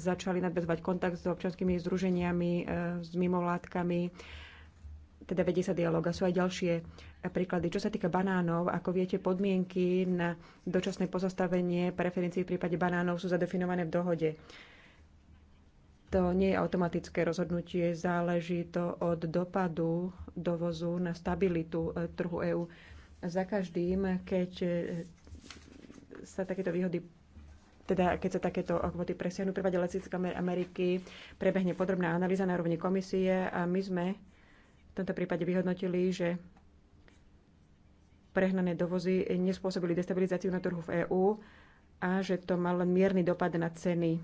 začali nadvezovať kontakt s občanskými združeniami, e, s mimovládkami, teda vedie sa dialog a sú aj ďalšie príklady. Čo sa týka banánov, ako viete, podmienky na dočasné pozastavenie preferencií v prípade banánov sú zadefinované v dohode. To nie je automatické rozhodnutie, záleží to od dopadu dovozu na stabilitu e, trhu EÚ. Za každým, keď e, sa takéto výhody teda, keď sa takéto kvoty presiahnu, v prípade Ameriky prebehne podrobná analýza na rovni komisie a my sme v tomto prípade vyhodnotili, že prehnané dovozy nespôsobili destabilizáciu na trhu v EÚ a že to mal len mierny dopad na ceny.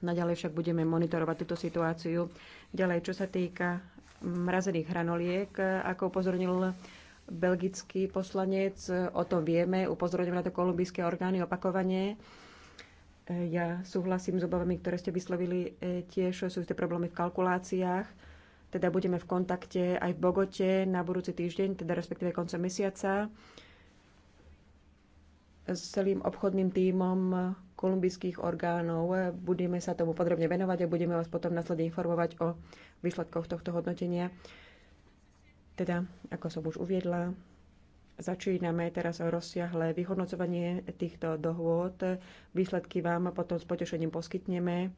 Naďalej však budeme monitorovať túto situáciu. Ďalej, čo sa týka mrazených hranoliek, ako upozornil belgický poslanec, o tom vieme, upozorňujú na to kolumbijské orgány opakovane. Ja súhlasím s obavami, ktoré ste vyslovili. E, tiež sú tie problémy v kalkuláciách. Teda budeme v kontakte aj v Bogote na budúci týždeň, teda respektíve koncom mesiaca s celým obchodným tímom kolumbijských orgánov. Budeme sa tomu podrobne venovať a budeme vás potom následne informovať o výsledkoch tohto hodnotenia. Teda, ako som už uviedla, Začíname teraz rozsiahle vyhodnocovanie týchto dohôd. Výsledky vám potom s potešením poskytneme.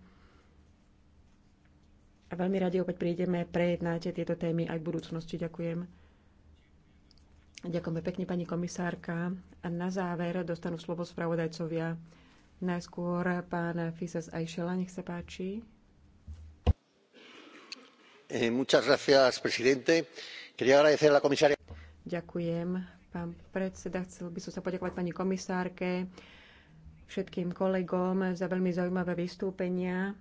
A veľmi radi opäť prídeme, prejednáte tieto témy aj v budúcnosti. Ďakujem. Ďakujeme pekne, pani komisárka. A na záver dostanú slovo spravodajcovia. Najskôr pán Fisas Ajšela, nech sa páči. Eh, Ďakujem, Pán predseda, chcel by som sa poďakovať pani komisárke, všetkým kolegom za veľmi zaujímavé vystúpenia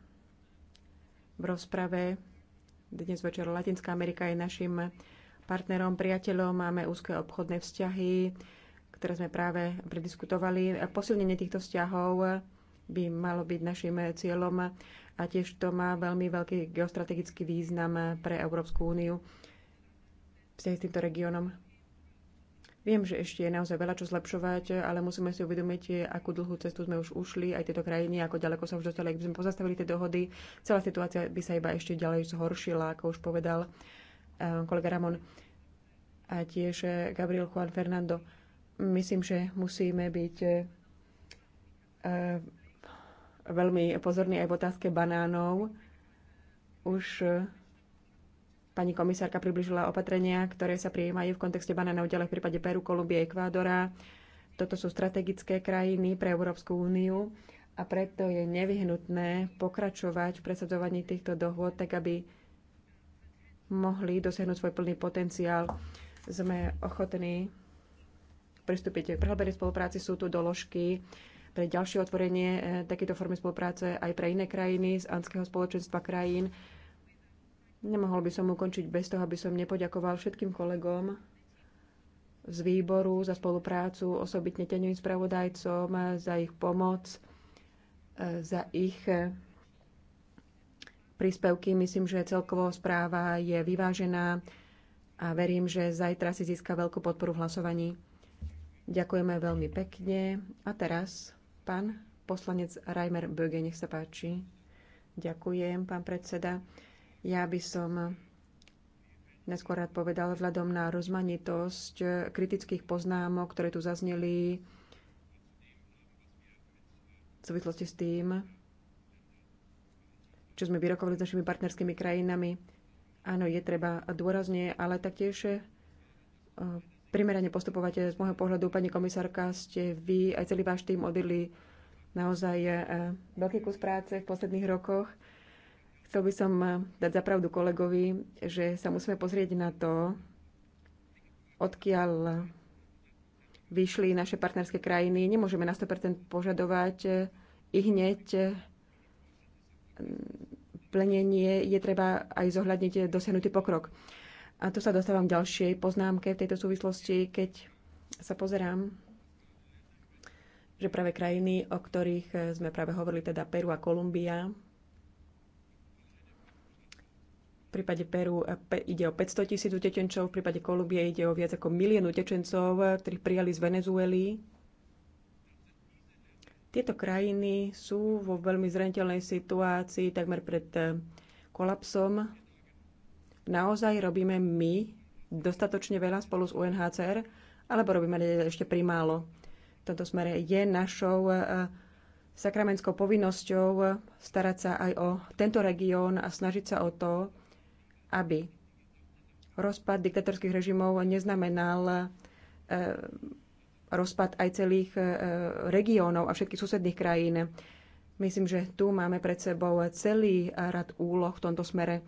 v rozprave. Dnes večer Latinská Amerika je našim partnerom, priateľom, máme úzke obchodné vzťahy, ktoré sme práve prediskutovali. Posilnenie týchto vzťahov by malo byť našim cieľom a tiež to má veľmi veľký geostrategický význam pre Európsku úniu vzťahy s týmto regiónom. Viem, že ešte je naozaj veľa čo zlepšovať, ale musíme si uvedomiť, akú dlhú cestu sme už ušli, aj tieto krajiny, ako ďaleko sa už dostali, ak by sme pozastavili tie dohody. Celá situácia by sa iba ešte ďalej zhoršila, ako už povedal eh, kolega Ramon a tiež eh, Gabriel Juan Fernando. Myslím, že musíme byť eh, veľmi pozorní aj v otázke banánov. Už Pani komisárka približila opatrenia, ktoré sa prijímajú v kontexte banánov ďalej v prípade Peru, Kolumbie, Ekvádora. Toto sú strategické krajiny pre Európsku úniu a preto je nevyhnutné pokračovať v presadzovaní týchto dohôd, tak aby mohli dosiahnuť svoj plný potenciál. Sme ochotní pristúpiť k prehlbenej spolupráci. Sú tu doložky, pre ďalšie otvorenie eh, takéto formy spolupráce aj pre iné krajiny z Andského spoločenstva krajín Nemohol by som ukončiť bez toho, aby som nepoďakoval všetkým kolegom z výboru za spoluprácu, osobitne teňovým spravodajcom, za ich pomoc, e, za ich e, príspevky. Myslím, že celková správa je vyvážená a verím, že zajtra si získa veľkú podporu v hlasovaní. Ďakujeme veľmi pekne. A teraz pán poslanec Reimer Böge, nech sa páči. Ďakujem, pán predseda. Ja by som neskôr rád povedal vzhľadom na rozmanitosť kritických poznámok, ktoré tu zazneli v súvislosti s tým, čo sme vyrokovali s našimi partnerskými krajinami. Áno, je treba dôrazne, ale taktiež e, primerane postupovate. Z môjho pohľadu, pani komisárka, ste vy aj celý váš tým odili naozaj e, veľký kus práce v posledných rokoch. Chcel by som eh, dať zapravdu kolegovi, že sa musíme pozrieť na to, odkiaľ vyšli naše partnerské krajiny. Nemôžeme na 100% požadovať eh, i hneď eh, plnenie je treba aj zohľadniť dosiahnutý pokrok. A tu sa dostávam k ďalšej poznámke v tejto súvislosti, keď sa pozerám, že práve krajiny, o ktorých sme práve hovorili, teda Peru a Kolumbia, prípade Peru eh, ide o 500 tisíc utečencov, v prípade Kolumbie ide o viac ako milión utečencov, eh, ktorých prijali z Venezuely. Tieto krajiny sú vo veľmi zraniteľnej situácii, takmer pred eh, kolapsom. Naozaj robíme my dostatočne veľa spolu s UNHCR, alebo robíme ešte primálo. V tomto smere je našou sakramentskou povinnosťou starať sa aj o tento región a snažiť sa o to, aby rozpad diktatorských režimov neznamenal e, rozpad aj celých e, regiónov a všetkých susedných krajín. Myslím, že tu máme pred sebou celý rad úloh v tomto smere.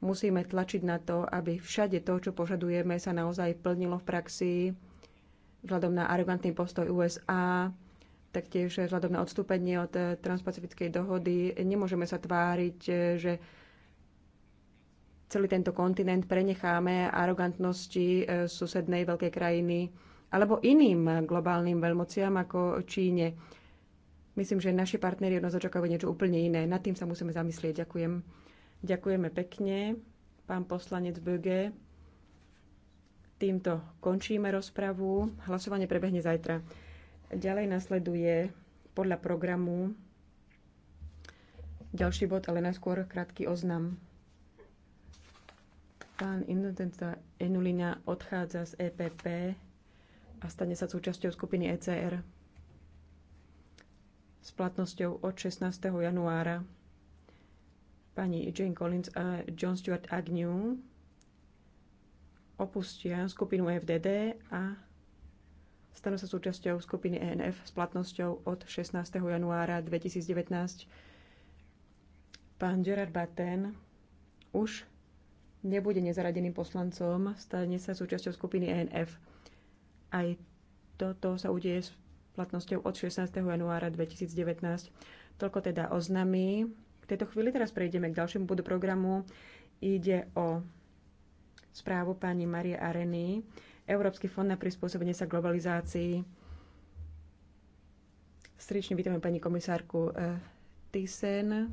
Musíme tlačiť na to, aby všade to, čo požadujeme, sa naozaj plnilo v praxi vzhľadom na arogantný postoj USA, taktiež vzhľadom na odstúpenie od transpacifickej dohody. Nemôžeme sa tváriť, že celý tento kontinent prenecháme arogantnosti e, susednej veľkej krajiny alebo iným globálnym veľmociam ako Číne. Myslím, že naši partneri od nás očakávajú niečo úplne iné. Nad tým sa musíme zamyslieť. Ďakujem. Ďakujeme pekne, pán poslanec Böge. Týmto končíme rozpravu. Hlasovanie prebehne zajtra. Ďalej nasleduje podľa programu ďalší bod, ale najskôr krátky oznam. Pán Innocenta Enulina odchádza z EPP a stane sa súčasťou skupiny ECR s platnosťou od 16. januára. Pani Jane Collins a John Stuart Agnew opustia skupinu FDD a stanú sa súčasťou skupiny ENF s platnosťou od 16. januára 2019. Pán Gerard Batten už nebude nezaradeným poslancom, stane sa súčasťou skupiny ENF. Aj toto sa udeje s platnosťou od 16. januára 2019. Toľko teda oznamy. V tejto chvíli teraz prejdeme k ďalšiemu bodu programu. Ide o správu pani Marie Areny, Európsky fond na prispôsobenie sa globalizácii. Srdečne vítame pani komisárku eh, Thyssen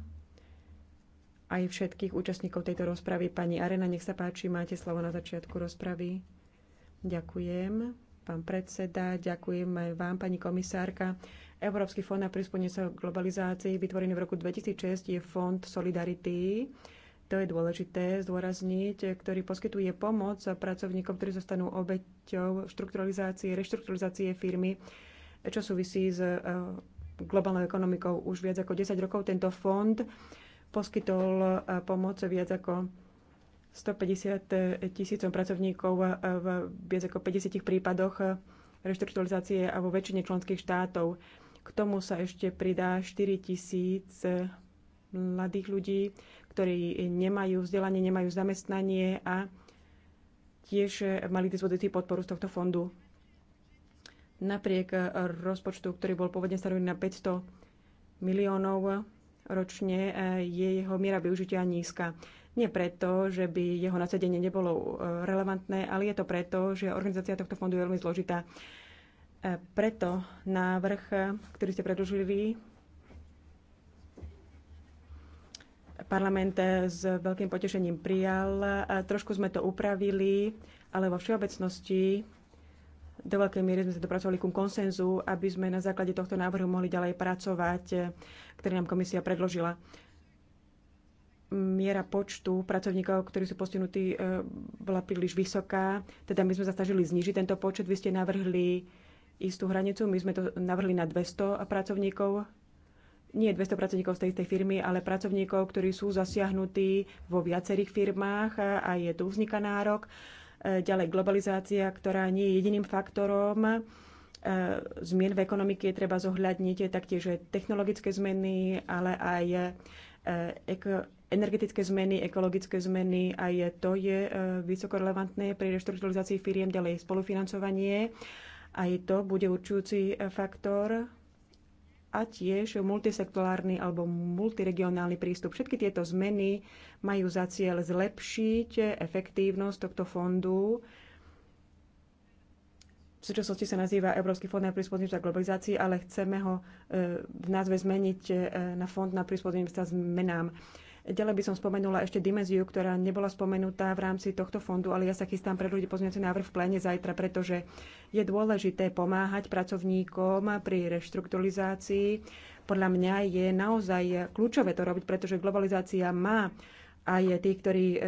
aj všetkých účastníkov tejto rozpravy. Pani Arena, nech sa páči, máte slovo na začiatku rozpravy. Ďakujem, pán predseda, ďakujem aj vám, pani komisárka. Európsky fond na prispôsobenie sa globalizácii, vytvorený v roku 2006, je fond Solidarity. To je dôležité zdôrazniť, ktorý poskytuje pomoc pracovníkom, ktorí zostanú obeťou štrukturalizácie, reštrukturalizácie firmy, čo súvisí s eh, globálnou ekonomikou už viac ako 10 rokov. Tento fond poskytol e, pomoc viac ako 150 e, tisícom pracovníkov e, v viac ako 50 prípadoch reštrukturalizácie a vo väčšine členských štátov. K tomu sa ešte pridá 4 tisíc mladých ľudí, ktorí nemajú vzdelanie, nemajú zamestnanie a tiež mali dispozícii podporu z tohto fondu. Napriek rozpočtu, ktorý bol pôvodne stanovený na 500 miliónov, ročne e, je jeho miera využitia nízka. Nie preto, že by jeho nasadenie nebolo e, relevantné, ale je to preto, že organizácia tohto fondu je veľmi zložitá. E, preto návrh, ktorý ste predložili vy, parlament s veľkým potešením prijal. Trošku sme to upravili, ale vo všeobecnosti do veľkej miery sme sa dopracovali ku konsenzu, aby sme na základe tohto návrhu mohli ďalej pracovať ktorý nám komisia predložila. Miera počtu pracovníkov, ktorí sú postihnutí, e, bola príliš vysoká, teda my sme sa snažili znižiť tento počet. Vy ste navrhli istú hranicu, my sme to navrhli na 200 pracovníkov, nie 200 pracovníkov z tej istej firmy, ale pracovníkov, ktorí sú zasiahnutí vo viacerých firmách a je tu vzniká nárok. E, ďalej globalizácia, ktorá nie je jediným faktorom, E, zmien v ekonomike je treba zohľadniť taktiež technologické zmeny, ale aj e, energetické zmeny, ekologické zmeny, aj to je e, vysoko relevantné pri reštrukturalizácii firiem, ďalej spolufinancovanie, aj to bude určujúci faktor a tiež multisektorálny alebo multiregionálny prístup. Všetky tieto zmeny majú za cieľ zlepšiť efektívnosť tohto fondu, súčasnosti sa nazýva Európsky fond na prispôsobenie sa globalizácii, ale chceme ho e, v názve zmeniť e, na fond na prispôsobenie sa zmenám. Ďalej by som spomenula ešte dimenziu, ktorá nebola spomenutá v rámci tohto fondu, ale ja sa chystám pre ľudí pozmeňujúci návrh v pléne zajtra, pretože je dôležité pomáhať pracovníkom pri reštrukturalizácii. Podľa mňa je naozaj kľúčové to robiť, pretože globalizácia má aj tí, ktorí e,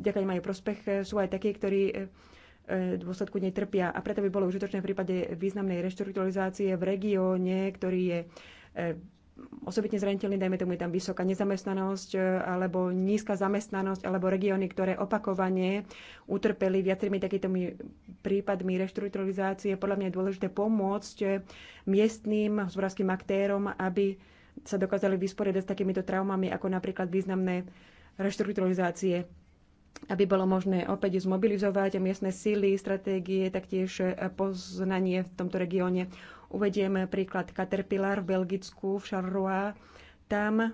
vďaka majú prospech, sú aj takí, ktorí E, dôsledku nej trpia. A preto by bolo užitočné v prípade významnej reštrukturalizácie v regióne, ktorý je e, osobitne zraniteľný, dajme tomu je tam vysoká nezamestnanosť e, alebo nízka zamestnanosť alebo regióny, ktoré opakovane utrpeli viacerými takýmito prípadmi reštrukturalizácie. Podľa mňa je dôležité pomôcť miestným hospodárským aktérom, aby sa dokázali vysporiadať s takýmito traumami, ako napríklad významné reštrukturalizácie aby bolo možné opäť zmobilizovať miestne síly, stratégie, taktiež e, poznanie v tomto regióne. Uvediem príklad Caterpillar v Belgicku, v Charleroi. Tam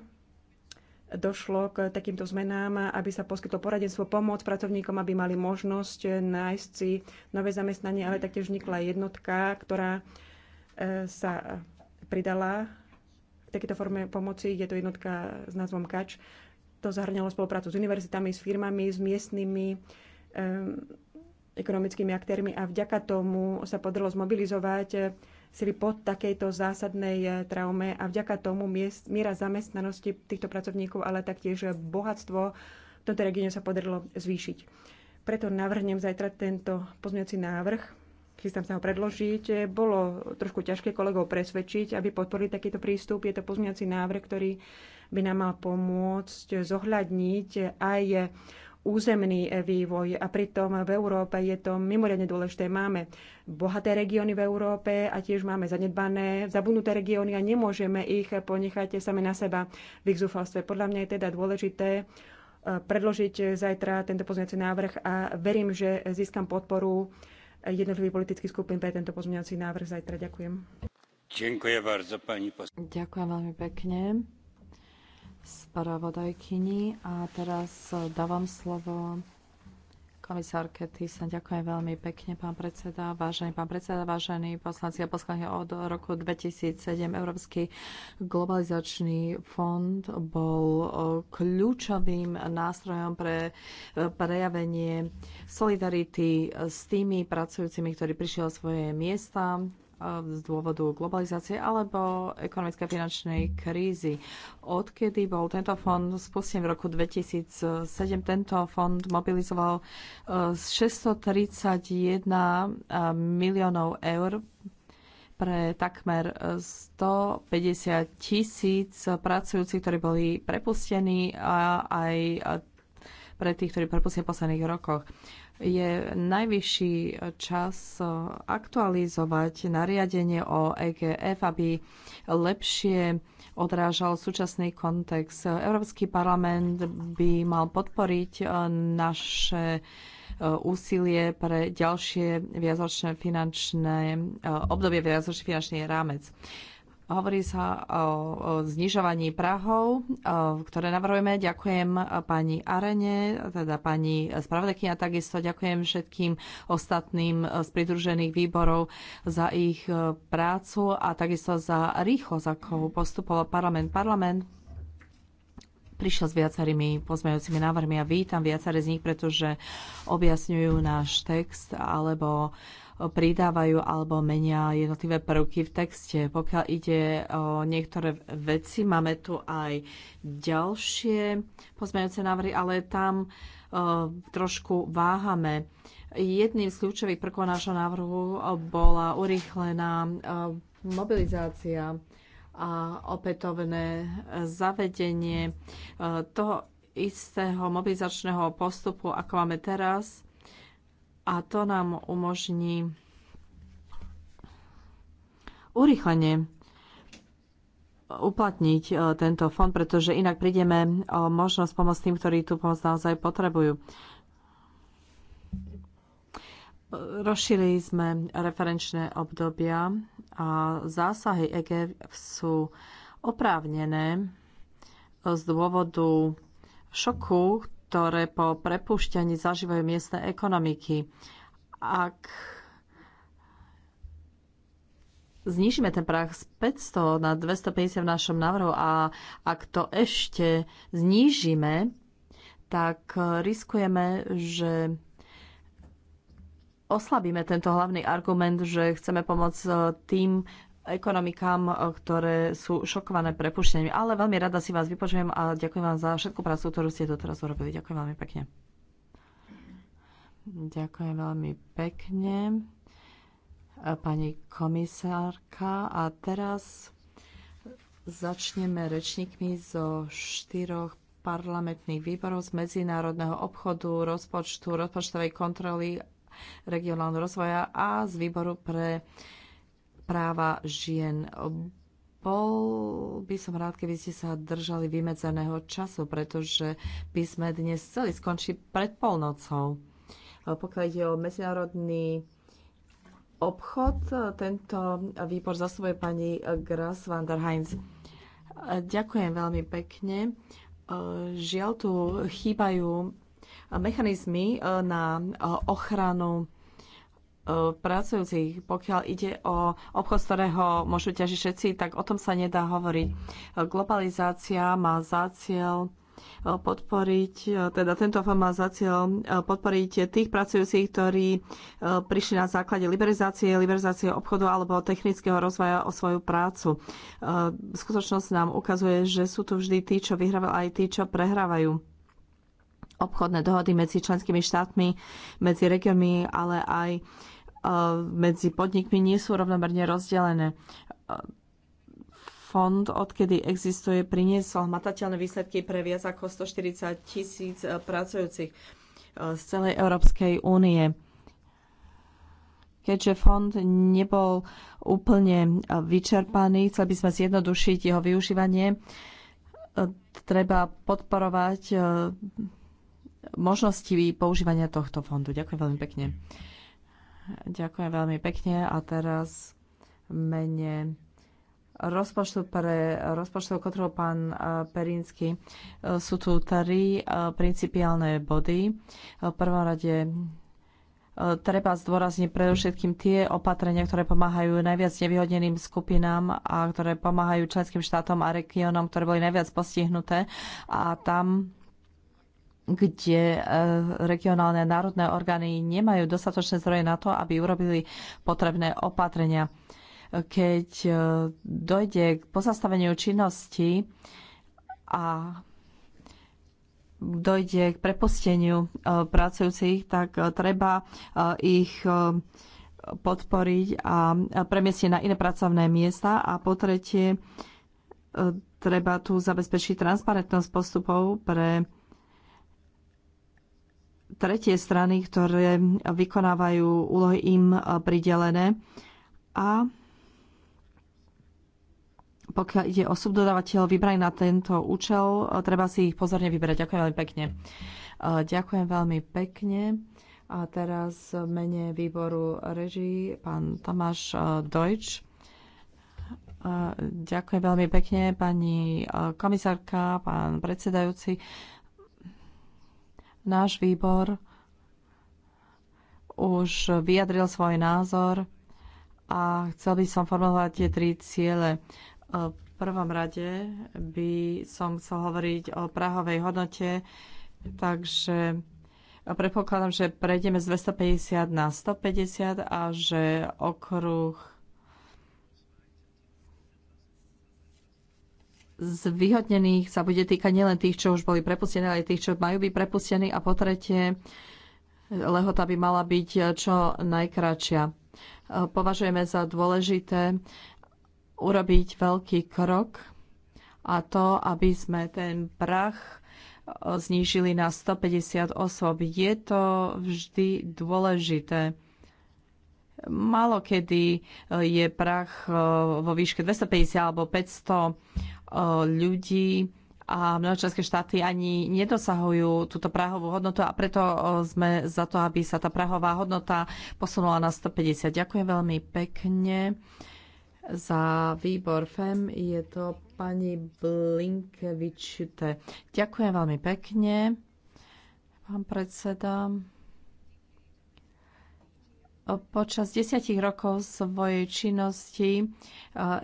došlo k takýmto zmenám, aby sa poskytlo poradenstvo, pomoc pracovníkom, aby mali možnosť nájsť si nové zamestnanie, ale taktiež vznikla jednotka, ktorá e, sa pridala v takéto forme pomoci. Je to jednotka s názvom KAČ to zahrňalo spoluprácu s univerzitami, s firmami, s miestnymi um, ekonomickými aktérmi a vďaka tomu sa podarilo zmobilizovať eh, sily po takejto zásadnej eh, traume a vďaka tomu miest, miera zamestnanosti týchto pracovníkov, ale taktiež bohatstvo v tomto regióne sa podarilo zvýšiť. Preto navrhnem zajtra tento pozmeňovací návrh. Chystám sa ho predložiť. Eh, bolo trošku ťažké kolegov presvedčiť, aby podporili takýto prístup. Je to pozmeňovací návrh, ktorý by nám mal pomôcť zohľadniť aj územný vývoj a pritom v Európe je to mimoriadne dôležité. Máme bohaté regióny v Európe a tiež máme zanedbané, zabudnuté regióny a nemôžeme ich ponechať same na seba v ich zúfalstve. Podľa mňa je teda dôležité eh, predložiť zajtra tento pozmeňovací návrh a verím, že získam podporu jednotlivých politických skupín pre tento pozmeňovací návrh zajtra. Ďakujem. Ďakujem, bardzo, pani Ďakujem veľmi pekne spravodajkyni a teraz dávam slovo komisárke Thyssen. Ďakujem veľmi pekne, pán predseda. Vážený pán predseda, vážení poslanci a poslanci, od roku 2007 Európsky globalizačný fond bol kľúčovým nástrojom pre e, prejavenie solidarity s tými pracujúcimi, ktorí prišli o svoje miesta z dôvodu globalizácie alebo ekonomickej a finančnej krízy. Odkedy bol tento fond spustený v roku 2007, tento fond mobilizoval 631 eh, eh, miliónov eur pre takmer 150 eh, tisíc pracujúcich, ktorí boli prepustení a aj pre tých, ktorí prepustili v posledných rokoch je najvyšší čas eh, aktualizovať nariadenie o EGF, aby lepšie odrážal súčasný kontext. Európsky parlament by mal podporiť eh, naše eh, úsilie pre ďalšie viazočné finančné obdobie viazočný finančný rámec. Hovorí sa o, o znižovaní Prahov, o, ktoré navrhujeme. Ďakujem pani Arene, teda pani spravodajkyni a takisto ďakujem všetkým ostatným z pridružených výborov za ich e, prácu a takisto za rýchlosť, ako postupoval parlament. Parlament prišiel s viacerými pozmejúcimi návrhmi a vítam viaceré z nich, pretože objasňujú náš text alebo uh, pridávajú alebo menia jednotlivé prvky v texte. Pokiaľ ide o niektoré veci, máme tu aj ďalšie pozmeňujúce návrhy, ale tam e, trošku váhame. Jedným z kľúčových prvkov nášho návrhu bola urýchlená e, mobilizácia a opätovné zavedenie e, toho istého mobilizačného postupu, ako máme teraz, a to nám umožní urychlenie uplatniť e, tento fond, pretože inak prídeme o možnosť pomôcť tým, ktorí tú pomoc naozaj potrebujú. Rozšírili sme referenčné obdobia a zásahy EGF sú oprávnené z dôvodu šoku, ktoré po prepušťaní zažívajú miestne ekonomiky. Ak znižíme ten prach z 500 na 250 v našom návrhu a ak to ešte znížime, tak riskujeme, že oslabíme tento hlavný argument, že chceme pomôcť e, tým ekonomikám, e, ktoré sú šokované prepušteniami. Ale veľmi rada si vás vypočujem a ďakujem vám za všetku prácu, ktorú ste doteraz urobili. Ďakujem veľmi pekne. Ďakujem veľmi pekne, e, pani komisárka. A teraz začneme rečníkmi zo štyroch parlamentných výborov z medzinárodného obchodu, rozpočtu, rozpočtovej kontroly, regionálneho rozvoja a z výboru pre uh, práva žien. Bol by som rád, keby ste sa držali vymedzeného času, pretože by sme dnes chceli skončiť pred polnocou. Pokiaľ ide o medzinárodný obchod, tento výbor zasúbuje pani Gras van der Heinz. Ďakujem veľmi pekne. Žiaľ, tu chýbajú mechanizmy na ochranu E, pracujúcich. Pokiaľ ide o obchod, z ktorého môžu ťažiť všetci, tak o tom sa nedá hovoriť. E, globalizácia má za cieľ e, podporiť, teda tento fond má za cieľ podporiť tých pracujúcich, ktorí prišli na základe liberalizácie, liberalizácie obchodu alebo technického rozvoja o svoju prácu. Skutočnosť nám ukazuje, že sú tu vždy tí, čo vyhrávajú, aj tí, čo prehrávajú obchodné dohody medzi členskými štátmi, medzi regiónmi, ale aj medzi podnikmi nie sú rovnomerne rozdelené. Fond, odkedy existuje, priniesol matateľné výsledky pre viac ako 140 tisíc e, pracujúcich e, z celej Európskej únie keďže fond nebol úplne e, vyčerpaný, chceli by sme zjednodušiť jeho využívanie. Treba podporovať možnosti používania tohto fondu. Ďakujem veľmi pekne. Ďakujem veľmi pekne a teraz mene rozpočtu pre rozpočtovú kontrolu pán e, Perinsky. E, sú tu tri e, principiálne body. V prvom rade treba zdôrazniť predovšetkým tie opatrenia, ktoré pomáhajú najviac nevyhodneným skupinám a ktoré pomáhajú členským štátom a regiónom, ktoré boli najviac postihnuté. A tam kde e, regionálne národné orgány nemajú dostatočné zdroje na to, aby urobili potrebné opatrenia. Keď e, dojde k pozastaveniu činnosti a dojde k prepusteniu e, pracujúcich, tak treba ich podporiť a premiestniť na iné pracovné miesta. A po tretie, treba tu zabezpečiť transparentnosť postupov pre tretie strany, ktoré vykonávajú úlohy im e, pridelené. A pokiaľ ide o subdodávateľ vybraný na tento účel, e, treba si ich pozorne vyberať. Ďakujem veľmi pekne. E, ďakujem veľmi pekne. A teraz v mene výboru reží pán Tomáš Dojč. Ďakujem veľmi pekne, pani komisárka, pán predsedajúci. Náš výbor už vyjadril svoj názor a chcel by som formulovať tie tri ciele. E, v prvom rade by som chcel hovoriť o prahovej hodnote, takže predpokladám, že prejdeme z 250 na 150 a že okruh zvýhodnených sa bude týkať nielen tých, čo už boli prepustení, ale aj tých, čo majú byť prepustení. A po tretie, lehota by mala byť čo najkračšia. Považujeme za dôležité urobiť veľký krok a to, aby sme ten prach znížili na 150 osôb. Je to vždy dôležité. Malo kedy je prach vo výške 250 alebo 500 E, ľudí a mnohé členské štáty ani nedosahujú túto prahovú hodnotu a preto e, sme za to, aby sa tá prahová hodnota posunula na 150. Ďakujem veľmi pekne za výbor FEM. Je to pani Blinkevičute. Ďakujem veľmi pekne, pán predseda. Počas desiatich rokov svojej činnosti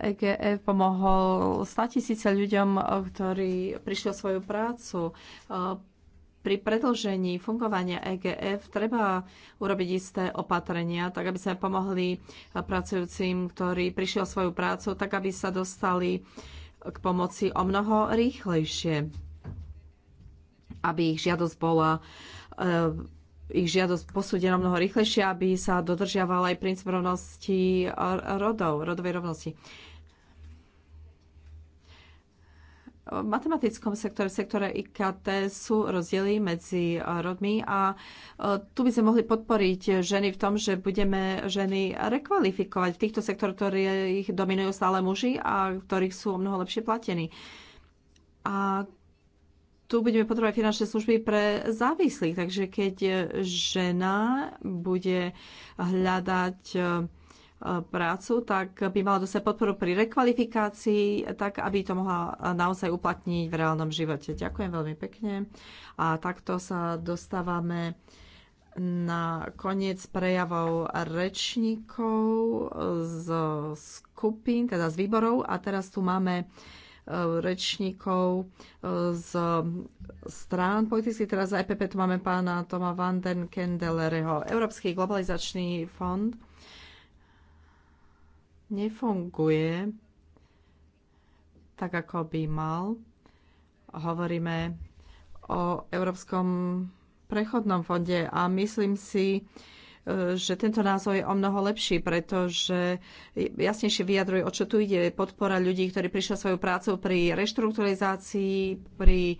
EGF eh, e pomohol 100 tisíce ľuďom, eh, ktorí prišli o svoju prácu. Eh, pri predlžení fungovania EGF treba urobiť isté opatrenia, tak aby sme pomohli pracujúcim, ktorí prišli o svoju prácu, tak aby sa dostali k pomoci o mnoho rýchlejšie, aby ich žiadosť bola ich žiadosť posúdená mnoho rýchlejšie, aby sa dodržiaval aj princíp rovnosti rodov, rodovej rovnosti. V matematickom sektore, v sektore IKT sú rozdiely medzi rodmi a e, tu by sme mohli podporiť ženy v tom, že budeme ženy rekvalifikovať v týchto sektoroch, ktorých dominujú stále muži a ktorých sú o mnoho lepšie platení. A tu budeme potrebovať finančné služby pre závislých. Takže keď žena bude hľadať e, prácu, tak by mala dostať podporu pri rekvalifikácii, tak aby to mohla naozaj uplatniť v reálnom živote. Ďakujem veľmi pekne. A takto sa dostávame na koniec prejavov rečníkov z skupín, teda z výborov. A teraz tu máme rečníkov e, z strán politických. Teraz za EPP tu máme pána Toma van den Kendelereho. Európsky globalizačný fond nefunguje tak, ako by mal. Hovoríme o Európskom prechodnom fonde a myslím si, E, že tento názov je o mnoho lepší, pretože jasnejšie vyjadruje, o čo tu ide. Podpora ľudí, ktorí prišli svoju prácu pri reštrukturalizácii, pri e,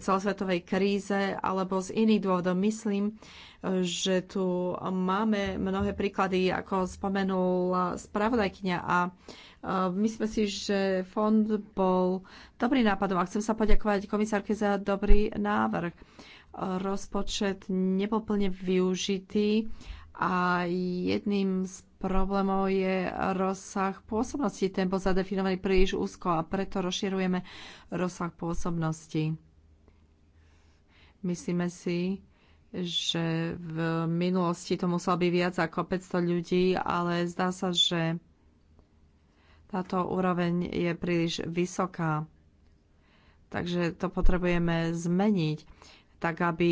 celosvetovej kríze alebo z iných dôvodov. Myslím, e, že tu máme mnohé príklady, ako spomenul spravodajkňa a Myslím si, že fond bol dobrý nápadom a chcem sa poďakovať komisárke za dobrý návrh. Rozpočet nebol plne využitý a jedným z problémov je rozsah pôsobnosti. Ten bol zadefinovaný príliš úzko a preto rozširujeme rozsah pôsobnosti. Myslíme si, že v minulosti to muselo byť viac ako 500 ľudí, ale zdá sa, že táto úroveň je príliš vysoká. Takže to potrebujeme zmeniť, tak aby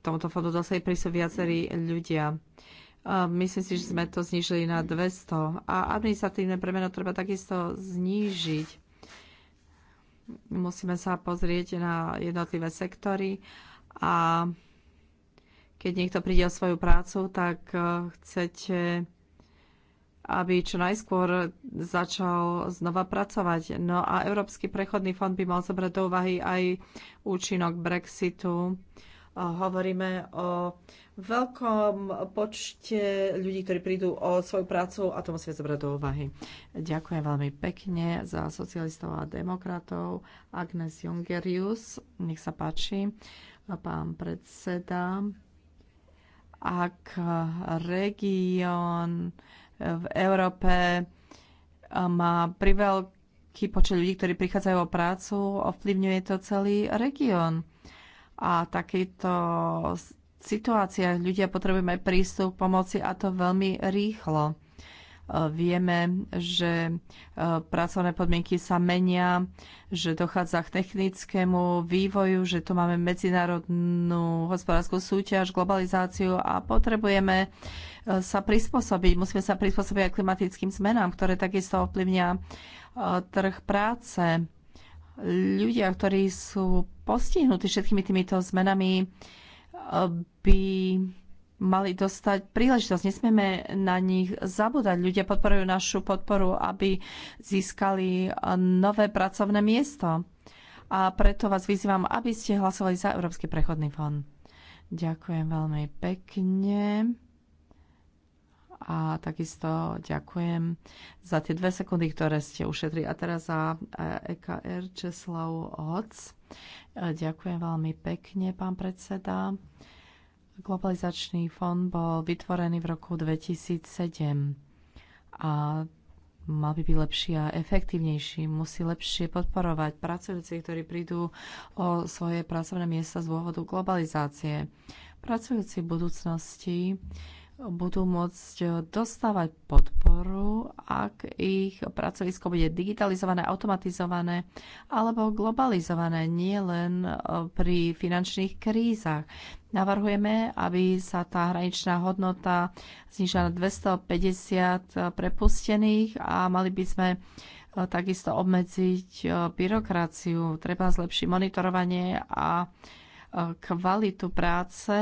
tomuto fondu dostali prísť viacerí ľudia. Myslím si, že sme to znížili na 200. A administratívne premeno treba takisto znížiť. Musíme sa pozrieť na jednotlivé sektory a keď niekto príde o svoju prácu, tak e, chcete aby čo najskôr začal znova pracovať. No a Európsky prechodný fond by mal zobrať do úvahy aj účinok Brexitu Hovoríme o veľkom počte ľudí, ktorí prídu o svoju prácu a to musíme zobrať do úvahy. Ďakujem veľmi pekne za socialistov a demokratov Agnes Jungerius, Nech sa páči, pán predseda. Ak región v Európe má priveľký počet ľudí, ktorí prichádzajú o prácu, ovplyvňuje to celý región a takýto situáciách ľudia potrebujeme prístup k pomoci a to veľmi rýchlo. E, vieme, že e, pracovné podmienky sa menia, že dochádza k technickému vývoju, že tu máme medzinárodnú hospodárskú súťaž, globalizáciu a potrebujeme e, sa prispôsobiť. Musíme sa prispôsobiť aj klimatickým zmenám, ktoré takisto ovplyvnia trh práce ľudia, ktorí sú postihnutí všetkými týmito zmenami, by mali dostať príležitosť. Nesmieme na nich zabúdať. Ľudia podporujú našu podporu, aby získali nové pracovné miesto. A preto vás vyzývam, aby ste hlasovali za Európsky prechodný fond. Ďakujem veľmi pekne a takisto ďakujem za tie dve sekundy, ktoré ste ušetri. A teraz za EKR e Česlav Hoc. E, ďakujem veľmi pekne, pán predseda. Globalizačný fond bol vytvorený v roku 2007 a mal by byť lepší a efektívnejší, musí lepšie podporovať pracujúcich, ktorí prídu o svoje pracovné miesta z dôvodu globalizácie. Pracujúci v budúcnosti budú môcť e, dostávať podporu, ak ich pracovisko bude digitalizované, automatizované alebo globalizované, nielen e, pri finančných krízach. Navrhujeme, aby sa tá hraničná hodnota znižila na 250 e, prepustených a mali by sme takisto obmedziť byrokraciu. Treba zlepšiť monitorovanie a kvalitu práce,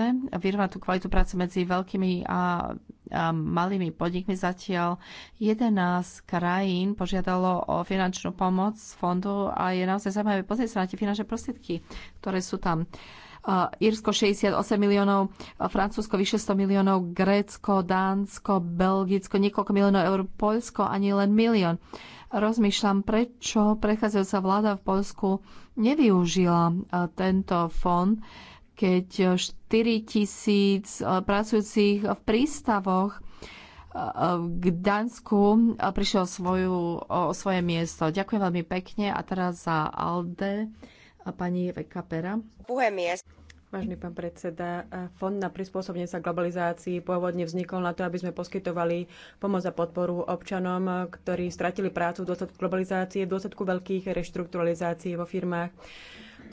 tú kvalitu práce medzi veľkými a, a malými podnikmi. Zatiaľ 11 krajín požiadalo o finančnú pomoc z fondu a je naozaj zaujímavé pozrieť sa na tie finančné prostriedky, ktoré sú tam. Irsko 68 miliónov, Francúzsko vyše 100 miliónov, Grécko, Dánsko, Belgicko, niekoľko miliónov eur, Poľsko ani len milión. Uh, rozmýšľam, prečo prechádzajúca vláda v Polsku nevyužila e, tento fond, keď 4 tisíc e, pracujúcich v prístavoch v e, Gdansku prišiel svoju, o svoje miesto. Ďakujem veľmi pekne a teraz za Alde a pani Vekapera. Puhemies. Vážený pán predseda, Fond na prispôsobenie sa globalizácii pôvodne vznikol na to, aby sme poskytovali pomoc a podporu občanom, ktorí stratili prácu v dôsledku globalizácie, v dôsledku veľkých reštrukturalizácií vo firmách.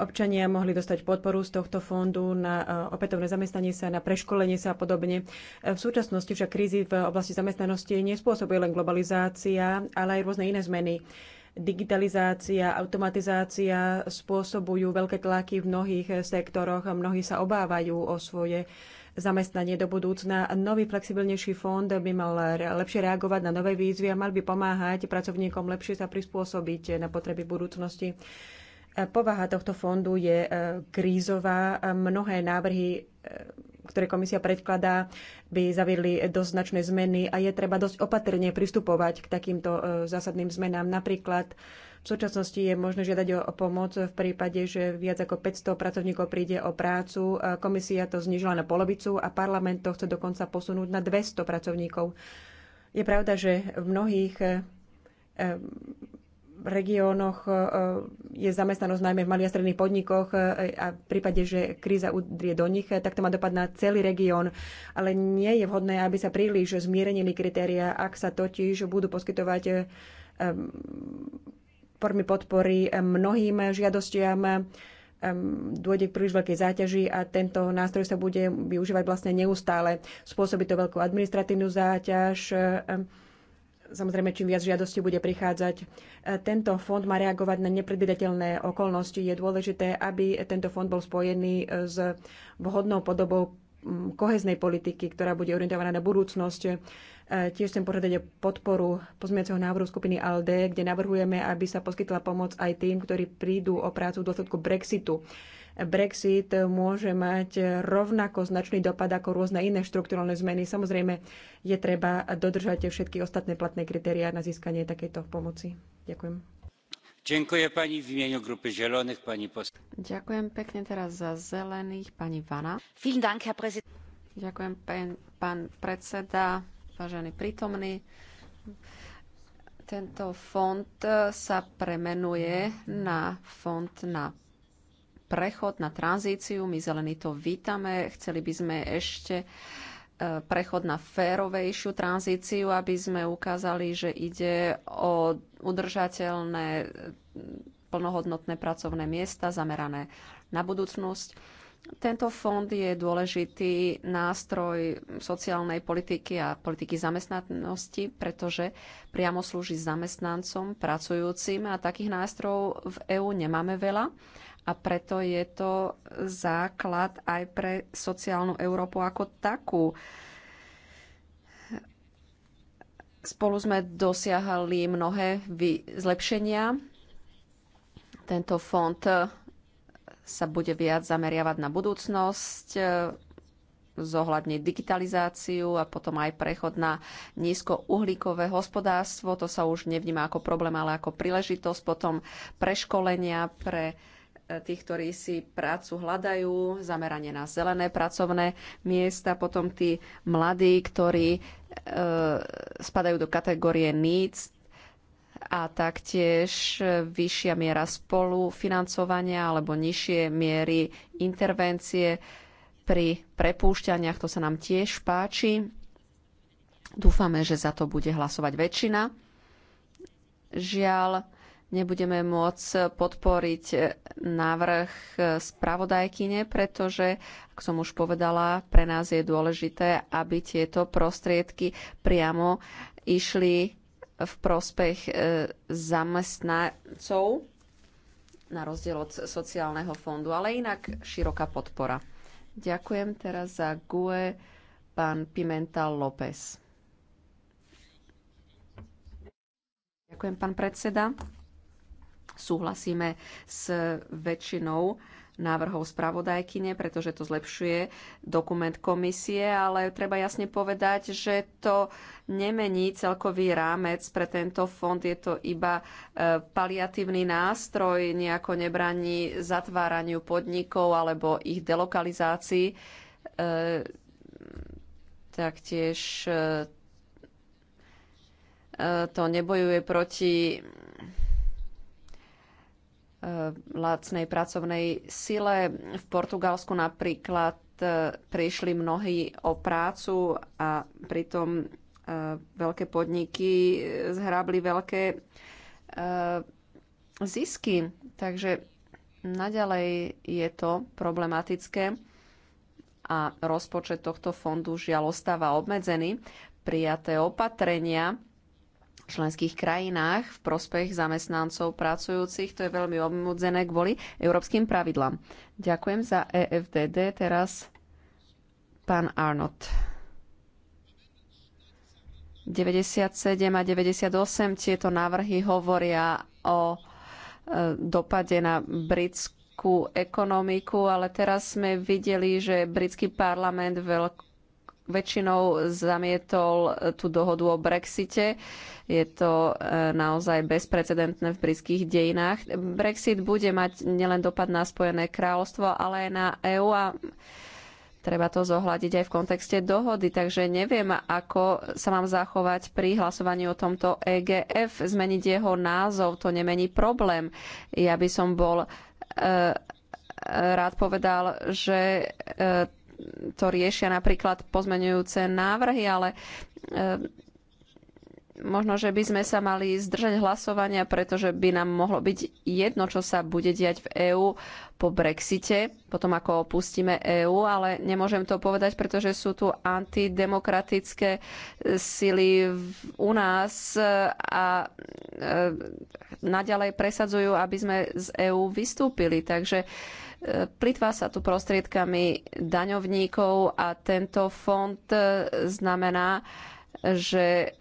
Občania mohli dostať podporu z tohto fondu na e, opätovné zamestnanie sa, na preškolenie sa a podobne. V súčasnosti však krízy v oblasti zamestnanosti nespôsobuje len globalizácia, ale aj rôzne iné zmeny digitalizácia, automatizácia spôsobujú veľké tlaky v mnohých sektoroch a mnohí sa obávajú o svoje zamestnanie do budúcna. Nový flexibilnejší fond by mal lepšie reagovať na nové výzvy a mal by pomáhať pracovníkom lepšie sa prispôsobiť na potreby budúcnosti. Povaha tohto fondu je e, krízová. Mnohé návrhy e, ktoré komisia predkladá, by zaviedli dosť značné zmeny a je treba dosť opatrne pristupovať k takýmto e, zásadným zmenám. Napríklad v súčasnosti je možné žiadať o pomoc v prípade, že viac ako 500 pracovníkov príde o prácu. E, komisia to znižila na polovicu a parlament to chce dokonca posunúť na 200 pracovníkov. Je pravda, že v mnohých e, regiónoch e, je zamestnanosť najmä v malých a stredných podnikoch e, a v prípade, že kríza udrie do nich, e, tak to má dopad na celý región. Ale nie je vhodné, aby sa príliš zmierenili kritéria, ak sa totiž budú poskytovať formy podpory mnohým žiadostiam, dôjde k príliš veľkej záťaži a tento nástroj sa bude využívať vlastne neustále. Spôsobí to veľkú administratívnu záťaž, samozrejme čím viac žiadosti bude prichádzať. E, tento fond má reagovať na nepredvidateľné okolnosti. Je dôležité, aby tento fond bol spojený e, s vhodnou podobou koheznej politiky, ktorá bude orientovaná na budúcnosť. E, tiež chcem požiadať o podporu pozmiacieho návrhu skupiny ALD, kde navrhujeme, aby sa poskytla pomoc aj tým, ktorí prídu o prácu v dôsledku Brexitu. Brexit môže mať rovnako značný dopad ako rôzne iné štrukturálne zmeny. Samozrejme, je treba dodržať všetky ostatné platné kritériá na získanie takejto pomoci. Ďakujem. Ďakujem pani v imieniu grupy Zelených, pani pos... Ďakujem pekne teraz za Zelených, pani Vana. Vielen Dank, Herr Präsident. Ďakujem, pán, pán predseda, vážený prítomný. Tento fond sa premenuje na fond na prechod, na tranzíciu. My zelení to vítame. Chceli by sme ešte e, prechod na férovejšiu tranzíciu, aby sme ukázali, že ide o udržateľné e, plnohodnotné pracovné miesta zamerané na budúcnosť. Tento fond je dôležitý nástroj sociálnej politiky a politiky zamestnanosti, pretože priamo slúži zamestnancom, pracujúcim a takých nástrojov v EÚ nemáme veľa a preto je to základ aj pre sociálnu Európu ako takú. Spolu sme dosiahali mnohé zlepšenia. Tento fond sa bude viac zameriavať na budúcnosť, zohľadne digitalizáciu a potom aj prechod na nízkouhlíkové hospodárstvo. To sa už nevníma ako problém, ale ako príležitosť. Potom preškolenia pre E, tých, ktorí si prácu hľadajú, zameranie na zelené pracovné miesta, potom tí mladí, ktorí e, spadajú do kategórie needs a taktiež vyššia miera spolufinancovania alebo nižšie miery intervencie pri prepúšťaniach. To sa nám tiež páči. Dúfame, že za to bude hlasovať väčšina. Žiaľ, nebudeme môcť podporiť návrh spravodajkyne, pretože, ako som už povedala, pre nás je dôležité, aby tieto prostriedky priamo išli v prospech e, zamestnancov na rozdiel od sociálneho fondu, ale inak široká podpora. Ďakujem teraz za GUE pán Pimental López. Ďakujem, pán predseda. Súhlasíme s väčšinou návrhov spravodajkyne, pretože to zlepšuje dokument komisie, ale treba jasne povedať, že to nemení celkový rámec pre tento fond. Je to iba e, paliatívny nástroj, nejako nebraní zatváraniu podnikov alebo ich delokalizácii. E, taktiež e, to nebojuje proti Eh, lacnej pracovnej sile. V Portugalsku napríklad eh, prišli mnohí o prácu a pritom eh, veľké podniky zhrábli veľké zisky. Takže naďalej je to problematické a rozpočet tohto fondu žiaľ ostáva obmedzený. Prijaté opatrenia členských krajinách v prospech zamestnancov pracujúcich. To je veľmi obmudzené kvôli európskym pravidlám. Ďakujem za EFDD. Teraz pán Arnott. 97 a 98 tieto návrhy hovoria o e, dopade na britskú ekonomiku, ale teraz sme videli, že britský parlament veľkú väčšinou zamietol eh, tú dohodu o Brexite. Je to eh, naozaj bezprecedentné v britských dejinách. Brexit bude mať nielen dopad na Spojené kráľovstvo, ale aj na EÚ a treba to zohľadiť aj v kontexte dohody, takže neviem, ako sa mám zachovať pri hlasovaní o tomto EGF. Zmeniť jeho názov to nemení problém. Ja by som bol e, rád povedal, že e, to riešia napríklad pozmenujúce návrhy, ale možno, že by sme sa mali zdržať hlasovania, pretože by nám mohlo byť jedno, čo sa bude diať v EÚ po Brexite, potom ako opustíme EÚ, ale nemôžem to povedať, pretože sú tu antidemokratické e, sily u nás e, a e, naďalej presadzujú, aby sme z EÚ vystúpili. Takže plitvá sa tu prostriedkami daňovníkov a tento fond znamená, že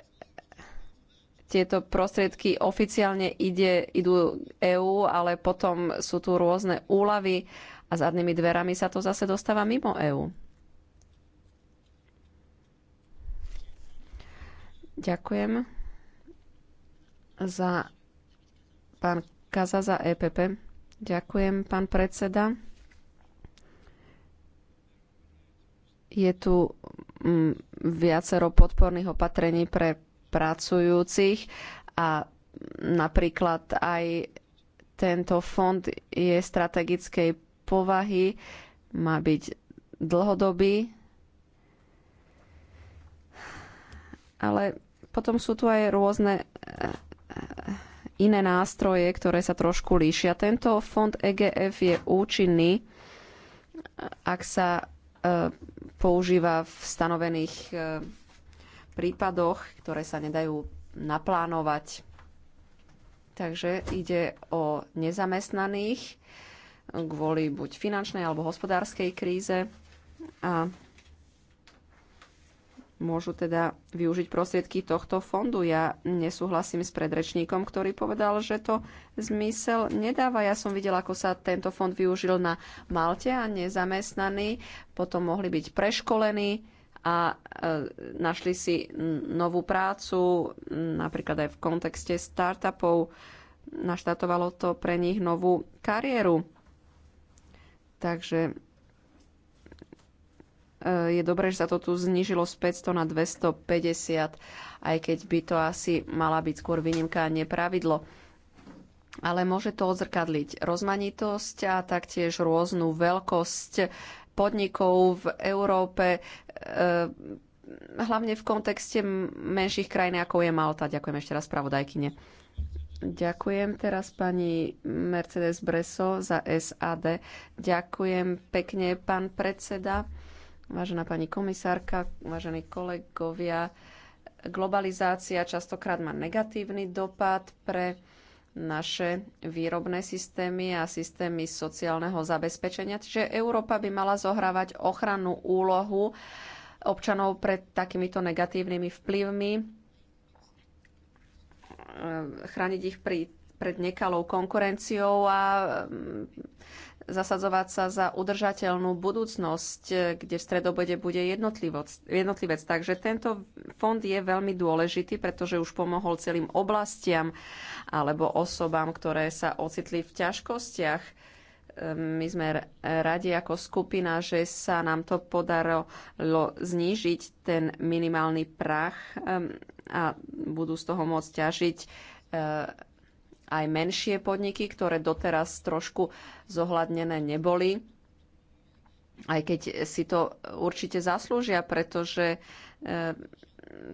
tieto prostriedky oficiálne ide, idú EÚ, ale potom sú tu rôzne úlavy a zadnými dverami sa to zase dostáva mimo EÚ. Ďakujem za pán Kaza za EPP. Ďakujem, pán predseda. Je tu mm, viacero podporných opatrení pre pracujúcich a napríklad aj tento fond je strategickej povahy, má byť dlhodobý, ale potom sú tu aj rôzne e, e, iné nástroje, ktoré sa trošku líšia. Tento fond EGF je účinný, ak sa e, používa v stanovených prípadoch, ktoré sa nedajú naplánovať. Takže ide o nezamestnaných kvôli buď finančnej alebo hospodárskej kríze a môžu teda využiť prostriedky tohto fondu. Ja nesúhlasím s predrečníkom, ktorý povedal, že to zmysel nedáva. Ja som videla, ako sa tento fond využil na Malte a nezamestnaní potom mohli byť preškolení a e, našli si novú prácu, napríklad aj v kontexte startupov. Naštartovalo to pre nich novú kariéru. Takže e, je dobré, že sa to tu znížilo z 500 na 250, aj keď by to asi mala byť skôr výnimka a nepravidlo. Ale môže to odzrkadliť rozmanitosť a taktiež rôznu veľkosť podnikov v Európe, e, hlavne v kontexte menších krajín, ako je Malta. Ďakujem ešte raz pravodajkyne. Ďakujem teraz pani Mercedes Breso za SAD. Ďakujem pekne, pán predseda, vážená pani komisárka, vážení kolegovia. Globalizácia častokrát má negatívny dopad pre naše výrobné systémy a systémy sociálneho zabezpečenia. Čiže Európa by mala zohrávať ochrannú úlohu občanov pred takýmito negatívnymi vplyvmi, e, chrániť ich pri, pred nekalou konkurenciou a mm, zasadzovať sa za udržateľnú budúcnosť, kde v stredobode bude jednotlivec. Takže tento fond je veľmi dôležitý, pretože už pomohol celým oblastiam alebo osobám, ktoré sa ocitli v ťažkostiach. My sme radi ako skupina, že sa nám to podarilo znížiť ten minimálny prach ehm, a budú z toho môcť ťažiť ehm, aj menšie podniky, ktoré doteraz trošku zohľadnené neboli. Aj keď si to určite zaslúžia, pretože e,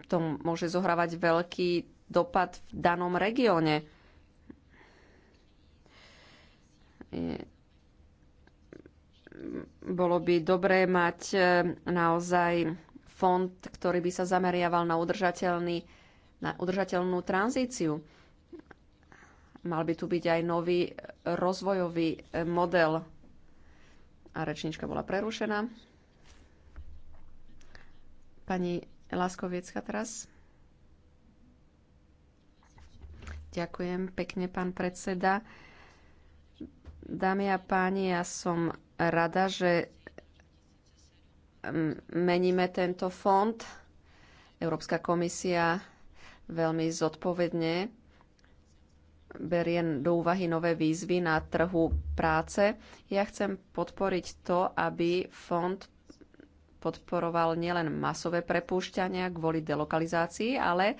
to môže zohrávať veľký dopad v danom regióne. Bolo by dobré mať e, naozaj fond, ktorý by sa zameriaval na, udržateľný, na udržateľnú tranzíciu mal by tu byť aj nový rozvojový e, model. A rečnička bola prerušená. Pani Laskoviecka teraz. Ďakujem pekne, pán predseda. Dámy a páni, ja som rada, že meníme tento fond. Európska komisia veľmi zodpovedne berie do úvahy nové výzvy na trhu práce. Ja chcem podporiť to, aby fond podporoval nielen masové prepúšťania kvôli delokalizácii, ale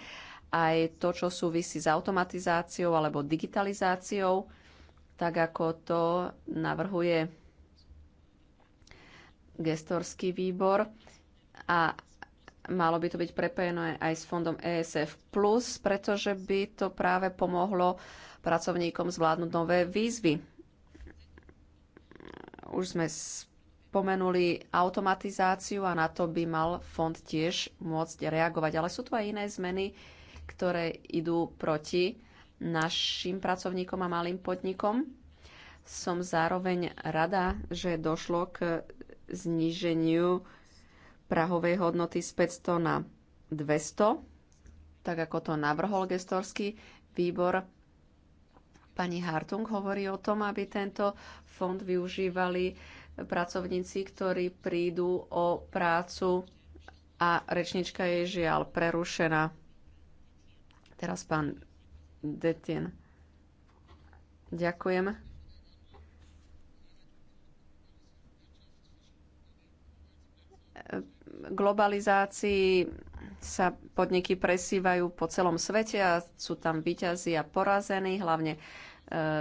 aj to, čo súvisí s automatizáciou alebo digitalizáciou, tak ako to navrhuje gestorský výbor. A Malo by to byť prepojené aj s fondom ESF+, pretože by to práve pomohlo pracovníkom zvládnuť nové výzvy. Už sme spomenuli automatizáciu a na to by mal fond tiež môcť reagovať. Ale sú tu aj iné zmeny, ktoré idú proti našim pracovníkom a malým podnikom. Som zároveň rada, že došlo k zníženiu prahovej hodnoty z 500 na 200, tak ako to navrhol gestorský výbor. Pani Hartung hovorí o tom, aby tento fond využívali pracovníci, ktorí prídu o prácu a rečnička je žiaľ prerušená. Teraz pán Detien. Ďakujem. globalizácii sa podniky presývajú po celom svete a sú tam výťazí a porazení, hlavne e,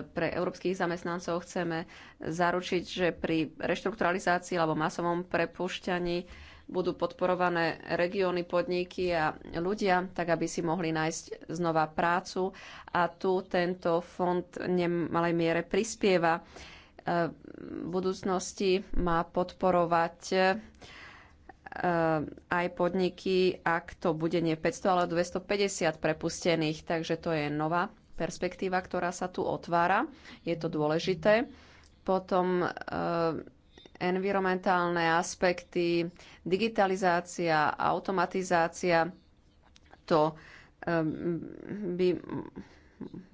pre európskych zamestnancov chceme zaručiť, že pri reštrukturalizácii alebo masovom prepušťaní budú podporované regióny, podniky a ľudia, tak aby si mohli nájsť znova prácu. A tu tento fond nemalej miere prispieva. E, v budúcnosti má podporovať Eh, aj podniky, ak to bude nie 500, ale 250 prepustených. Takže to je nová perspektíva, ktorá sa tu otvára. Je to dôležité. Potom eh, environmentálne aspekty, digitalizácia, automatizácia, to eh, by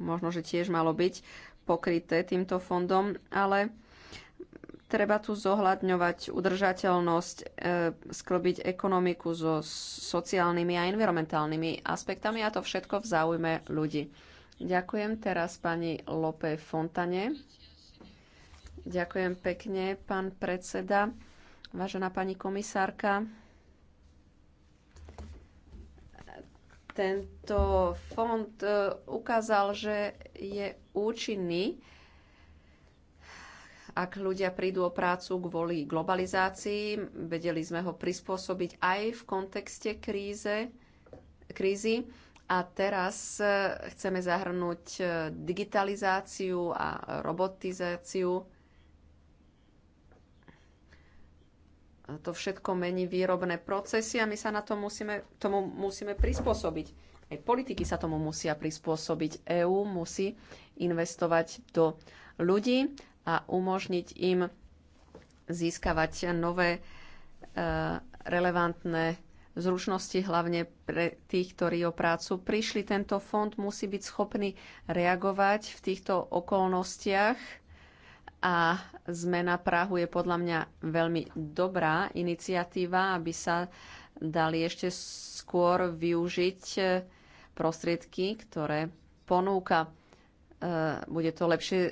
možno, že tiež malo byť pokryté týmto fondom, ale Treba tu zohľadňovať udržateľnosť, e, sklbiť ekonomiku so sociálnymi a environmentálnymi aspektami a to všetko v záujme ľudí. Ďakujem teraz pani Lope Fontane. Ďakujem pekne, pán predseda. Vážená pani komisárka, tento fond e, ukázal, že je účinný ak ľudia prídu o prácu kvôli globalizácii, vedeli sme ho prispôsobiť aj v kontexte kríze, krízy. A teraz e, chceme zahrnúť e, digitalizáciu a robotizáciu. To všetko mení výrobné procesy a my sa na to musíme, tomu musíme prispôsobiť. Aj politiky sa tomu musia prispôsobiť. EÚ musí investovať do ľudí a umožniť im získavať nové e, relevantné zručnosti, hlavne pre tých, ktorí o prácu prišli. Tento fond musí byť schopný reagovať v týchto okolnostiach a zmena Prahu je podľa mňa veľmi dobrá iniciatíva, aby sa dali ešte skôr využiť e, prostriedky, ktoré ponúka. E, bude to lepšie e,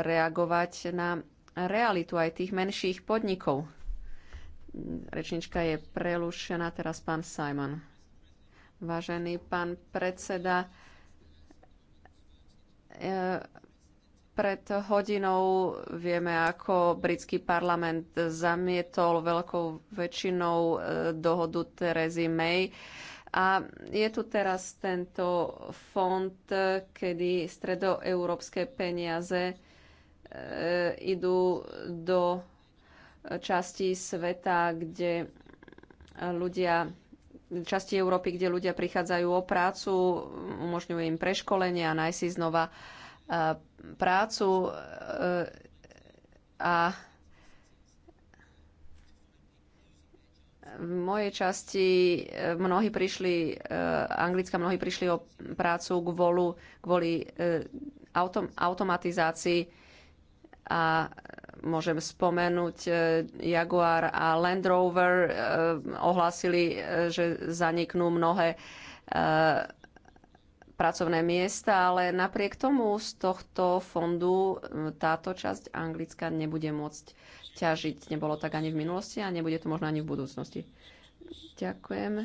reagovať na realitu aj tých menších podnikov. Rečnička je prelušená, teraz pán Simon. Vážený pán predseda, e, pred hodinou vieme, ako britský parlament zamietol veľkou väčšinou dohodu Terezy May a je tu teraz tento fond, kedy stredoeurópske peniaze e, idú do časti sveta, kde ľudia časti Európy, kde ľudia prichádzajú o prácu, umožňuje im preškolenie a nájsť si znova e, prácu. E, a v mojej časti e, mnohí prišli, e, Anglická mnohí prišli o prácu kvôli, kvôli e, autom, automatizácii a môžem spomenúť Jaguar a Land Rover ohlásili, že zaniknú mnohé pracovné miesta, ale napriek tomu z tohto fondu e, táto časť Anglická nebude môcť ťažiť. Nebolo tak ani v minulosti a nebude to možno ani v budúcnosti. Ďakujem.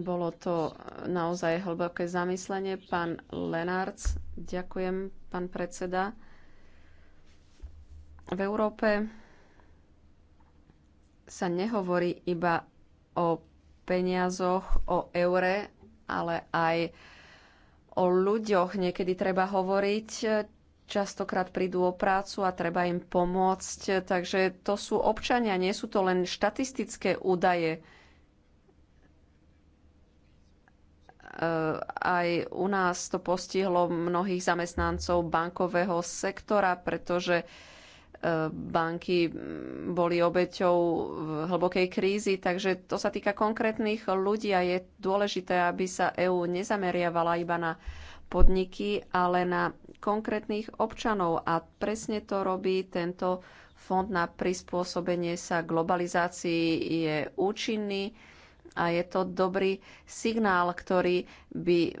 Bolo to naozaj hlboké zamyslenie. Pán Lenárc, ďakujem, pán predseda. V Európe sa nehovorí iba o peniazoch, o eure, ale aj o ľuďoch. Niekedy treba hovoriť, častokrát prídu o prácu a treba im pomôcť. Takže to sú občania, nie sú to len štatistické údaje. E, aj u nás to postihlo mnohých zamestnancov bankového sektora, pretože banky boli obeťou v hlbokej krízy, takže to sa týka konkrétnych ľudí a je dôležité, aby sa EÚ nezameriavala iba na podniky, ale na konkrétnych občanov. A presne to robí tento fond na prispôsobenie sa globalizácii. Je účinný, a je to dobrý signál, ktorý by e,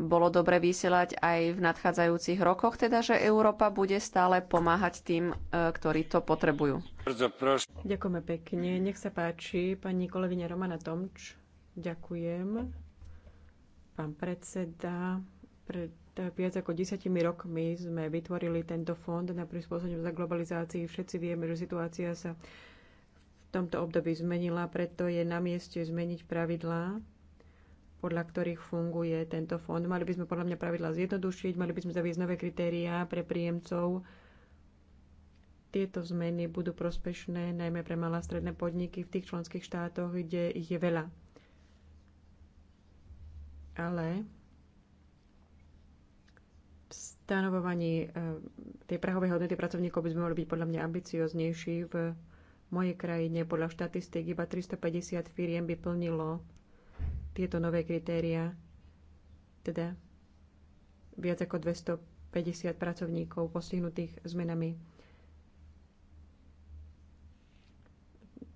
bolo dobre vysielať aj v nadchádzajúcich rokoch, teda že Európa bude stále pomáhať tým, e, ktorí to potrebujú. Ďakujeme pekne. Nech sa páči, pani kolegyňa Romana Tomč. Ďakujem. Pán predseda, pred e, viac ako desiatimi rokmi sme vytvorili tento fond na prispôsobenie za globalizácii. Všetci vieme, že situácia sa v tomto období zmenila, preto je na mieste zmeniť pravidlá, podľa ktorých funguje tento fond. Mali by sme podľa mňa pravidlá zjednodušiť, mali by sme zaviesť nové kritériá pre príjemcov. Tieto zmeny budú prospešné najmä pre malé a stredné podniky v tých členských štátoch, kde ich je veľa. Ale v stanovovaní eh, tej prahovej hodnoty pracovníkov by sme mali byť podľa mňa ambicioznejší v mojej krajine podľa štatistik iba 350 firiem by plnilo tieto nové kritéria, teda viac ako 250 pracovníkov postihnutých zmenami.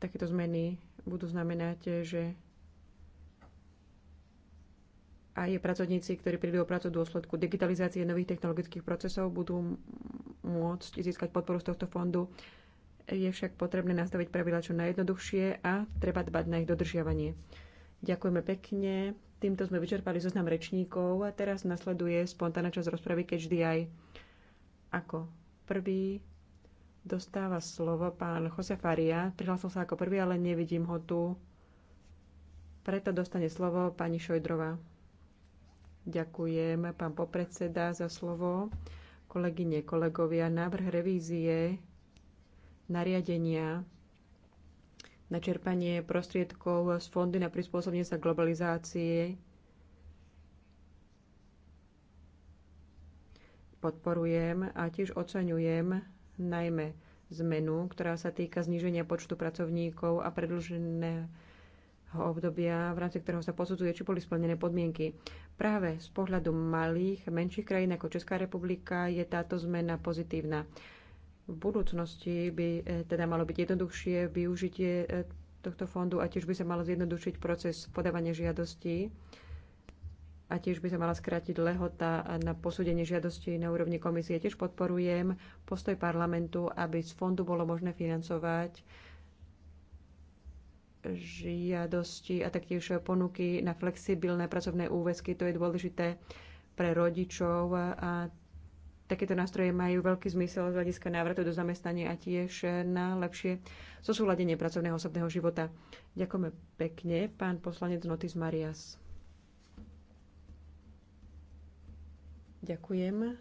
Takéto zmeny budú znamenať, že aj pracovníci, ktorí prídu o prácu v dôsledku digitalizácie nových technologických procesov, budú môcť získať podporu z tohto fondu je však potrebné nastaviť pravidla čo najjednoduchšie a treba dbať na ich dodržiavanie. Ďakujeme pekne. Týmto sme vyčerpali zoznam rečníkov a teraz nasleduje spontánna časť rozpravy KHDI. Ako prvý dostáva slovo pán Jose Faria. Prihlásil sa ako prvý, ale nevidím ho tu. Preto dostane slovo pani Šojdrova. Ďakujem, pán popredseda, za slovo. Kolegyne, kolegovia, návrh revízie nariadenia na čerpanie prostriedkov z fondy na prispôsobenie sa globalizácie podporujem a tiež oceňujem najmä zmenu, ktorá sa týka zníženia počtu pracovníkov a predĺženého obdobia, v rámci ktorého sa posudzuje, či boli splnené podmienky. Práve z pohľadu malých, menších krajín ako Česká republika je táto zmena pozitívna v budúcnosti by e, teda malo byť jednoduchšie využitie e, tohto fondu a tiež by sa malo zjednodušiť proces podávania žiadostí a tiež by sa mala skrátiť lehota na posúdenie žiadosti na úrovni komisie. Tiež podporujem postoj parlamentu, aby z fondu bolo možné financovať žiadosti a taktiež ponuky na flexibilné pracovné úväzky. To je dôležité pre rodičov a Takéto nástroje majú veľký zmysel z hľadiska návratu do zamestnania a tiež na lepšie zosúladenie pracovného osobného života. Ďakujeme pekne, pán poslanec Notis Marias. Ďakujem.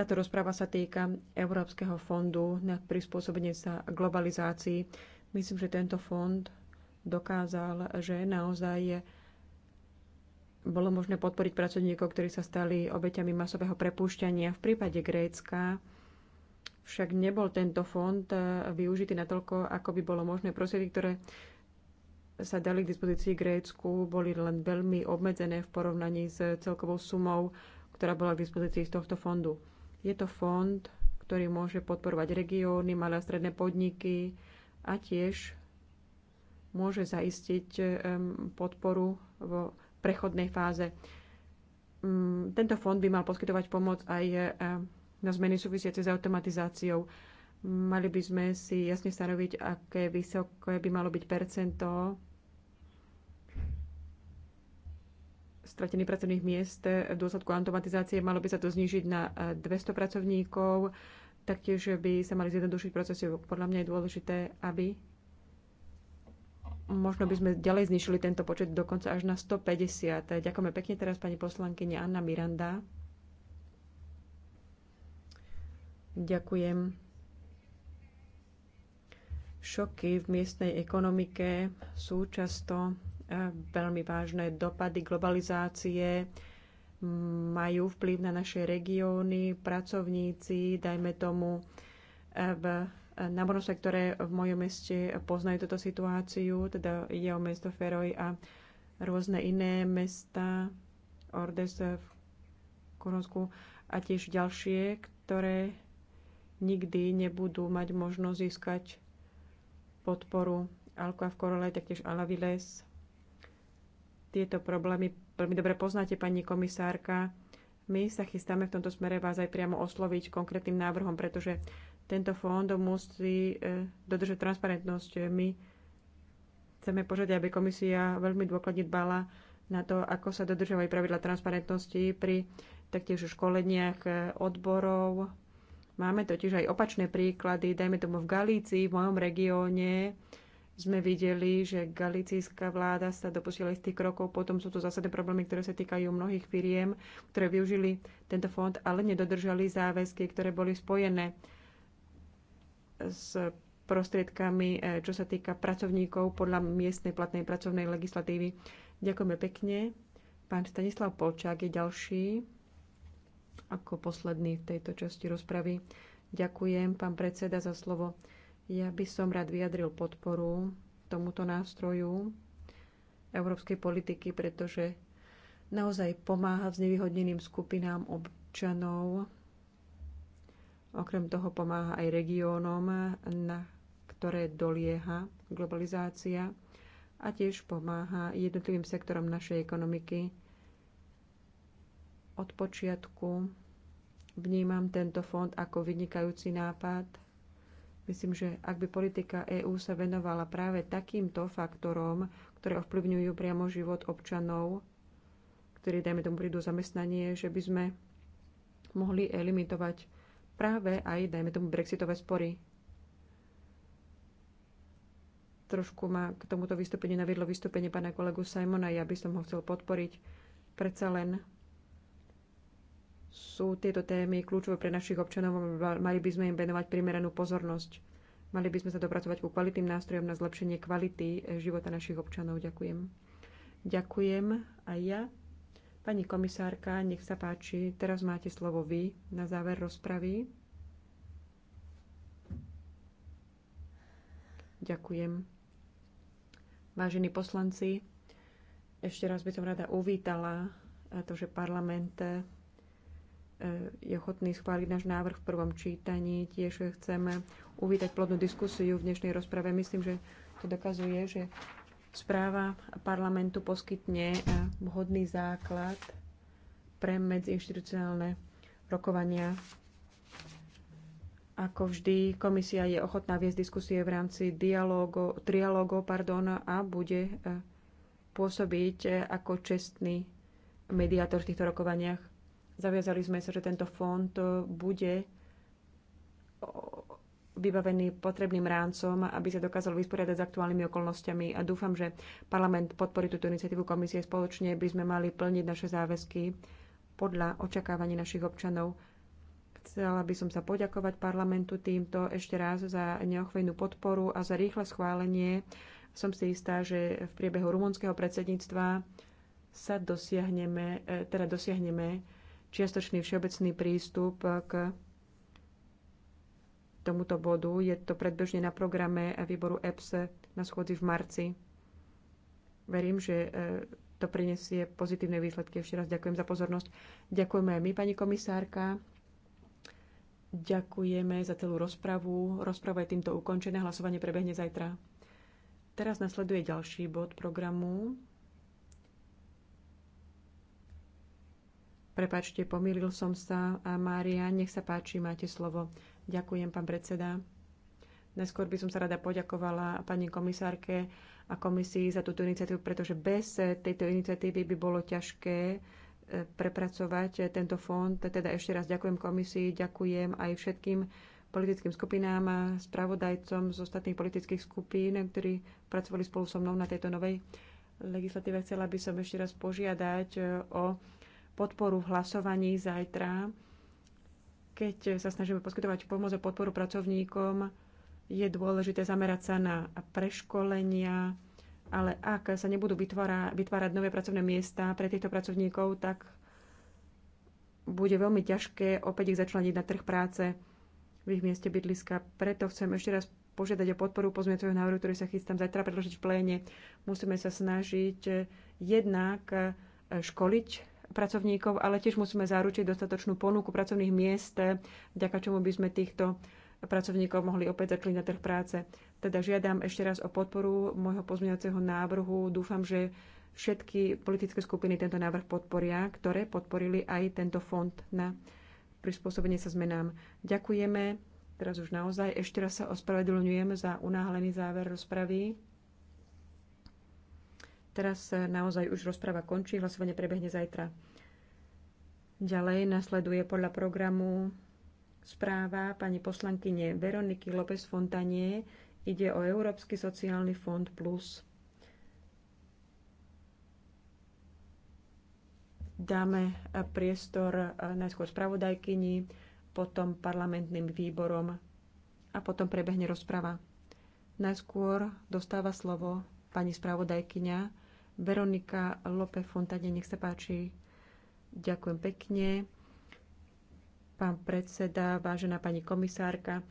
Táto rozpráva sa týka Európskeho fondu na prispôsobenie sa globalizácii. Myslím, že tento fond dokázal, že naozaj bolo možné podporiť pracovníkov, ktorí sa stali obeťami masového prepúšťania. V prípade Grécka však nebol tento fond eh, využitý natoľko, ako by bolo možné. Prostriedky, ktoré sa dali k dispozícii Grécku, boli len veľmi obmedzené v porovnaní s celkovou sumou, ktorá bola k dispozícii z tohto fondu. Je to fond, ktorý môže podporovať regióny, malé a stredné podniky a tiež môže zaistiť podporu vo prechodnej fáze. Mm, tento fond by mal poskytovať pomoc aj e, na zmeny súvisiace s automatizáciou. Mali by sme si jasne stanoviť, aké vysoké by malo byť percento stratených pracovných miest v dôsledku automatizácie. Malo by sa to znížiť na 200 e, pracovníkov. Taktiež by sa mali zjednodušiť procesy. Podľa mňa je dôležité, aby možno by sme ďalej znišili tento počet dokonca až na 150. Ďakujeme pekne teraz pani poslankyne Anna Miranda. Ďakujem. Šoky v miestnej ekonomike sú často eh, veľmi vážne. Dopady globalizácie mm, majú vplyv na naše regióny, pracovníci, dajme tomu eh, v na námornom v mojom meste poznajú túto situáciu, teda ide o mesto Feroj a rôzne iné mesta, Ordes v Koronsku a tiež ďalšie, ktoré nikdy nebudú mať možnosť získať podporu Alka v Korole, taktiež Alaviles. Tieto problémy veľmi dobre poznáte, pani komisárka. My sa chystáme v tomto smere vás aj priamo osloviť konkrétnym návrhom, pretože tento fond musí e, dodržať transparentnosť. E, my chceme požiadať, aby komisia veľmi dôkladne dbala na to, ako sa dodržovajú pravidla transparentnosti pri taktiež školeniach e, odborov. Máme totiž aj opačné príklady. Dajme tomu v Galícii, v mojom regióne, sme videli, že galicijská vláda sa dopustila istých krokov, potom sú tu zásadné problémy, ktoré sa týkajú mnohých firiem, ktoré využili tento fond, ale nedodržali záväzky, ktoré boli spojené s prostriedkami, e, čo sa týka pracovníkov podľa miestnej platnej pracovnej legislatívy. Ďakujeme pekne. Pán Stanislav Polčák je ďalší ako posledný v tejto časti rozpravy. Ďakujem, pán predseda, za slovo. Ja by som rád vyjadril podporu tomuto nástroju európskej politiky, pretože naozaj pomáha znevýhodneným skupinám občanov Okrem toho pomáha aj regiónom, na ktoré dolieha globalizácia a tiež pomáha jednotlivým sektorom našej ekonomiky. Od počiatku vnímam tento fond ako vynikajúci nápad. Myslím, že ak by politika EÚ sa venovala práve takýmto faktorom, ktoré ovplyvňujú priamo život občanov, ktorí, dajme tomu, prídu zamestnanie, že by sme mohli elimitovať práve aj, dajme tomu, brexitové spory. Trošku ma k tomuto vystúpeniu naviedlo vystúpenie pána kolegu Simona, ja by som ho chcel podporiť. Predsa len sú tieto témy kľúčové pre našich občanov, mali by sme im venovať primeranú pozornosť. Mali by sme sa dopracovať ku kvalitným nástrojom na zlepšenie kvality eh, života našich občanov. Ďakujem. Ďakujem aj ja. Pani komisárka, nech sa páči, teraz máte slovo vy na záver rozpravy. Ďakujem. Vážení poslanci, ešte raz by som rada uvítala to, že parlament e, je ochotný schváliť náš návrh v prvom čítaní. Tiež chceme uvítať plodnú diskusiu v dnešnej rozprave. Myslím, že to dokazuje, že Správa parlamentu poskytne eh, vhodný základ pre medziinstitucionálne rokovania. Ako vždy, komisia je ochotná viesť diskusie v rámci dialógo, trialógov a bude eh, pôsobiť eh, ako čestný mediátor v týchto rokovaniach. Zaviazali sme sa, že tento fond bude vybavený potrebným rámcom, aby sa dokázal vysporiadať s aktuálnymi okolnostiami. A dúfam, že parlament podporí túto iniciatívu komisie. Spoločne by sme mali plniť naše záväzky podľa očakávaní našich občanov. Chcela by som sa poďakovať parlamentu týmto ešte raz za neochvejnú podporu a za rýchle schválenie. Som si istá, že v priebehu rumunského predsedníctva sa dosiahneme, e, teda dosiahneme čiastočný všeobecný prístup k tomuto bodu. Je to predbežne na programe výboru EPS na schôdzi v marci. Verím, že e, to prinesie pozitívne výsledky. Ešte raz ďakujem za pozornosť. Ďakujeme aj my, pani komisárka. Ďakujeme za celú rozpravu. Rozprava je týmto ukončená. Hlasovanie prebehne zajtra. Teraz nasleduje ďalší bod programu. Prepačte, pomýlil som sa. A Mária, nech sa páči, máte slovo. Ďakujem, pán predseda. Neskôr by som sa rada poďakovala pani komisárke a komisii za túto iniciatívu, pretože bez tejto iniciatívy by bolo ťažké e, prepracovať tento fond. Teda ešte raz ďakujem komisii, ďakujem aj všetkým politickým skupinám a spravodajcom z ostatných politických skupín, ktorí pracovali spolu so mnou na tejto novej legislatíve. Chcela by som ešte raz požiadať e, o podporu v hlasovaní zajtra. Keď sa snažíme poskytovať pomoc a podporu pracovníkom, je dôležité zamerať sa na preškolenia, ale ak sa nebudú vytvára, vytvárať nové pracovné miesta pre týchto pracovníkov, tak bude veľmi ťažké opäť ich začleniť na trh práce v ich mieste bydliska. Preto chcem ešte raz požiadať o podporu pozmiacového návrhu, ktorý sa chystám zajtra predložiť v pléne. Musíme sa snažiť jednak školiť pracovníkov, ale tiež musíme zaručiť dostatočnú ponuku pracovných miest, eh, vďaka čomu by sme týchto pracovníkov mohli opäť začať na trh práce. Teda žiadam ešte raz o podporu môjho pozmeňovacieho návrhu. Dúfam, že všetky politické skupiny tento návrh podporia, ktoré podporili aj tento fond na prispôsobenie sa zmenám. Ďakujeme. Teraz už naozaj ešte raz sa ospravedlňujem za unáhlený záver rozpravy. Teraz naozaj už rozpráva končí, hlasovanie prebehne zajtra. Ďalej nasleduje podľa programu správa pani poslankyne Veroniky López Fontanie. Ide o Európsky sociálny fond plus. Dáme priestor eh, najskôr spravodajkyni, potom parlamentným výborom a potom prebehne rozprava. Najskôr dostáva slovo pani spravodajkyňa Veronika Lope Fontane, nech sa páči. Ďakujem pekne. Pán predseda, vážená pani komisárka,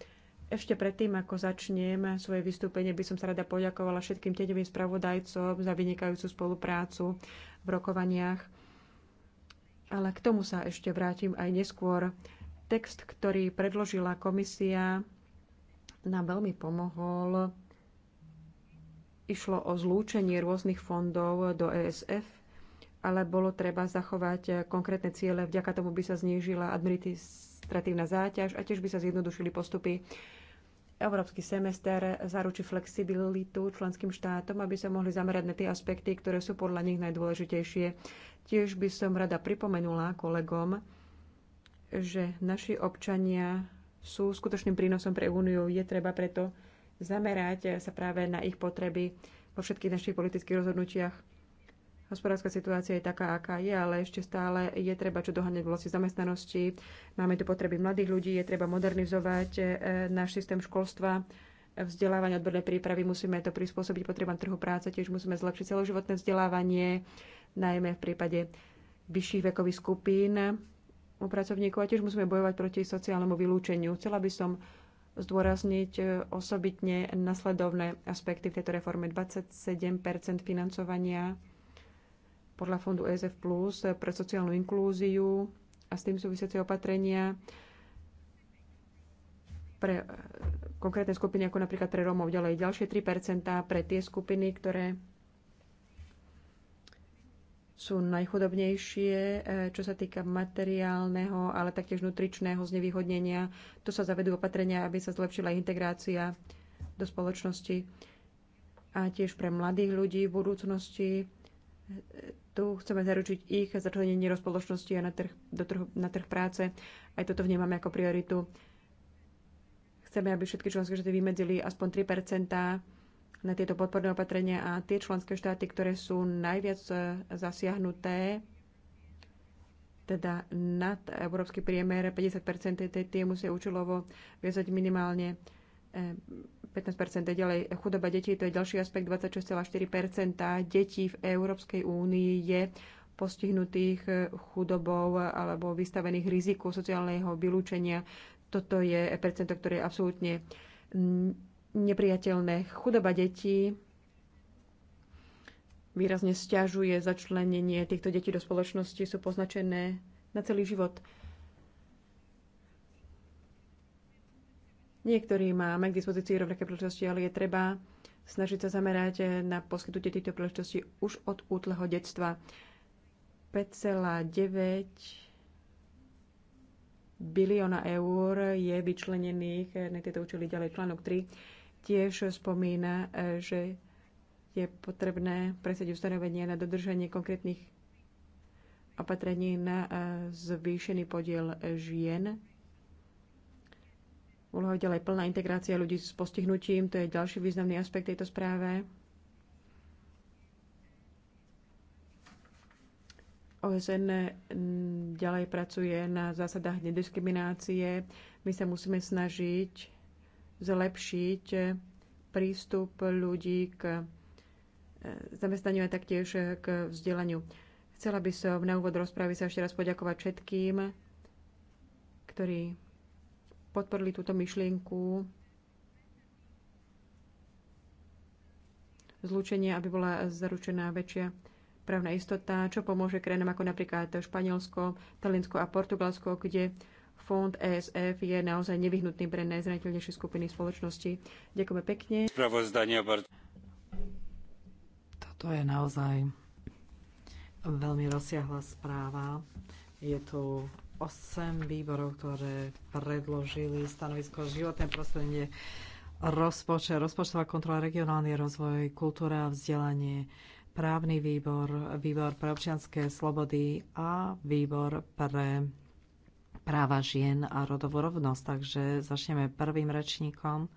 ešte predtým, ako začnem svoje vystúpenie, by som sa rada poďakovala všetkým tedevým spravodajcom za vynikajúcu spoluprácu v rokovaniach. Ale k tomu sa ešte vrátim aj neskôr. Text, ktorý predložila komisia, nám veľmi pomohol išlo o zlúčenie rôznych fondov do ESF, ale bolo treba zachovať konkrétne ciele. Vďaka tomu by sa znížila administratívna záťaž a tiež by sa zjednodušili postupy. Európsky semester zaručí flexibilitu členským štátom, aby sa mohli zamerať na tie aspekty, ktoré sú podľa nich najdôležitejšie. Tiež by som rada pripomenula kolegom, že naši občania sú skutočným prínosom pre Úniu. Je treba preto zamerať sa práve na ich potreby vo všetkých našich politických rozhodnutiach. Hospodárska situácia je taká, aká je, ale ešte stále je treba čo dohaneť v vlasti zamestnanosti. Máme tu potreby mladých ľudí, je treba modernizovať e, náš systém školstva, vzdelávanie odborné prípravy, musíme to prispôsobiť potrebám trhu práce, tiež musíme zlepšiť celoživotné vzdelávanie, najmä v prípade vyšších vekových skupín u pracovníkov a tiež musíme bojovať proti sociálnemu vylúčeniu. Chcela by som zdôrazniť e, osobitne nasledovné aspekty v tejto reforme. 27 financovania podľa fondu ESF Plus pre sociálnu inklúziu a s tým súvisiace opatrenia pre e, konkrétne skupiny, ako napríklad pre Rómov ďalej ďalšie 3 pre tie skupiny, ktoré sú najchudobnejšie, e, čo sa týka materiálneho, ale taktiež nutričného znevýhodnenia. Tu sa zavedú opatrenia, aby sa zlepšila integrácia do spoločnosti. A tiež pre mladých ľudí v budúcnosti e, tu chceme zaručiť ich začlenenie do spoločnosti a na trh, do trhu, na trh práce. Aj toto vnímame ako prioritu. Chceme, aby všetky členské štáty vymedzili aspoň 3 na tieto podporné opatrenia a tie členské štáty, ktoré sú najviac e, zasiahnuté, teda nad európsky priemer 50 tie musia účelovo viazať minimálne 15 e, ďalej. Chudoba detí, to je ďalší aspekt, 26,4 detí v Európskej únii je postihnutých e, chudobou alebo vystavených riziku sociálneho vylúčenia. Toto je percento, ktoré je absolútne nepriateľné. Chudoba detí výrazne stiažuje začlenenie týchto detí do spoločnosti, sú poznačené na celý život. Niektorí máme k dispozícii rovnaké príležitosti, ale je treba snažiť sa zamerať na poskytnutie týchto príležitostí už od útleho detstva. 5,9 bilióna eur je vyčlenených na tieto účely ďalej článok 3 tiež spomína, e, že je potrebné presať ustanovenia na dodržanie konkrétnych opatrení na e, zvýšený podiel e, žien. Úloha ďalej plná integrácia ľudí s postihnutím, to je ďalší významný aspekt tejto správe. OSN ďalej pracuje na zásadách nediskriminácie. My sa musíme snažiť zlepšiť eh, prístup ľudí k eh, zamestnaniu a taktiež eh, k vzdelaniu. Chcela by som na úvod rozprávy sa ešte raz poďakovať všetkým, ktorí podporili túto myšlienku Zlúčenie, aby bola zaručená väčšia právna istota, čo pomôže krajinám ako napríklad Španielsko, Talinsko a Portugalsko, kde fond ESF je naozaj nevyhnutný pre najzraniteľnejšie skupiny spoločnosti. Ďakujeme pekne. Toto je naozaj veľmi rozsiahla správa. Je tu 8 výborov, ktoré predložili stanovisko životné prostredie, rozpočet, rozpočtová kontrola, regionálny rozvoj, kultúra, a vzdelanie, právny výbor, výbor pre občianské slobody a výbor pre práva žien a rodovú rovnosť. Takže začneme prvým rečníkom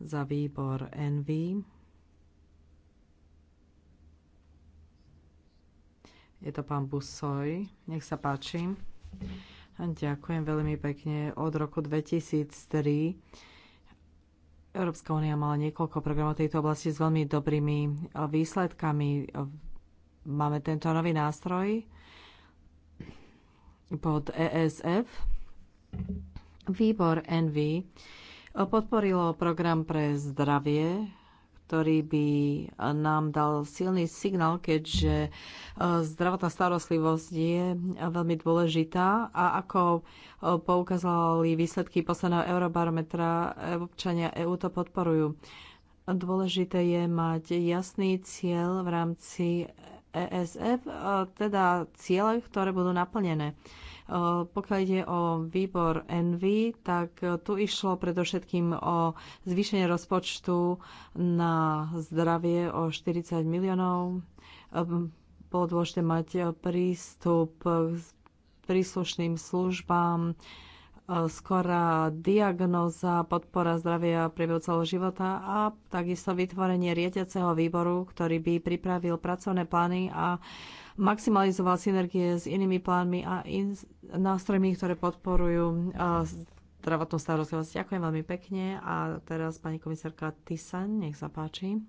za výbor NV. Je to pán Busoj. Nech sa páči. Ďakujem veľmi pekne. Od roku 2003 Európska únia mala niekoľko programov tejto oblasti s veľmi dobrými výsledkami. Máme tento nový nástroj, pod ESF. Výbor NV podporilo program pre zdravie, ktorý by nám dal silný signál, keďže e, zdravotná starostlivosť je veľmi dôležitá a ako e, poukázali výsledky posledného eurobarometra, e, občania EÚ EU to podporujú. Dôležité je mať jasný cieľ v rámci ESF, e, teda ciele, ktoré budú naplnené. E, pokiaľ ide o výbor NV, tak e, tu išlo predovšetkým o zvýšenie rozpočtu na zdravie o 40 miliónov. Bolo dôležité mať prístup k príslušným službám, Eh, skorá diagnóza, podpora zdravia priebehu celého života a takisto vytvorenie riadiaceho výboru, ktorý by pripravil pracovné plány a maximalizoval synergie s inými plánmi a in- nástrojmi, ktoré podporujú eh, zdravotnú starostlivosť. Ďakujem veľmi pekne a teraz pani komisárka Tysan, nech sa páči.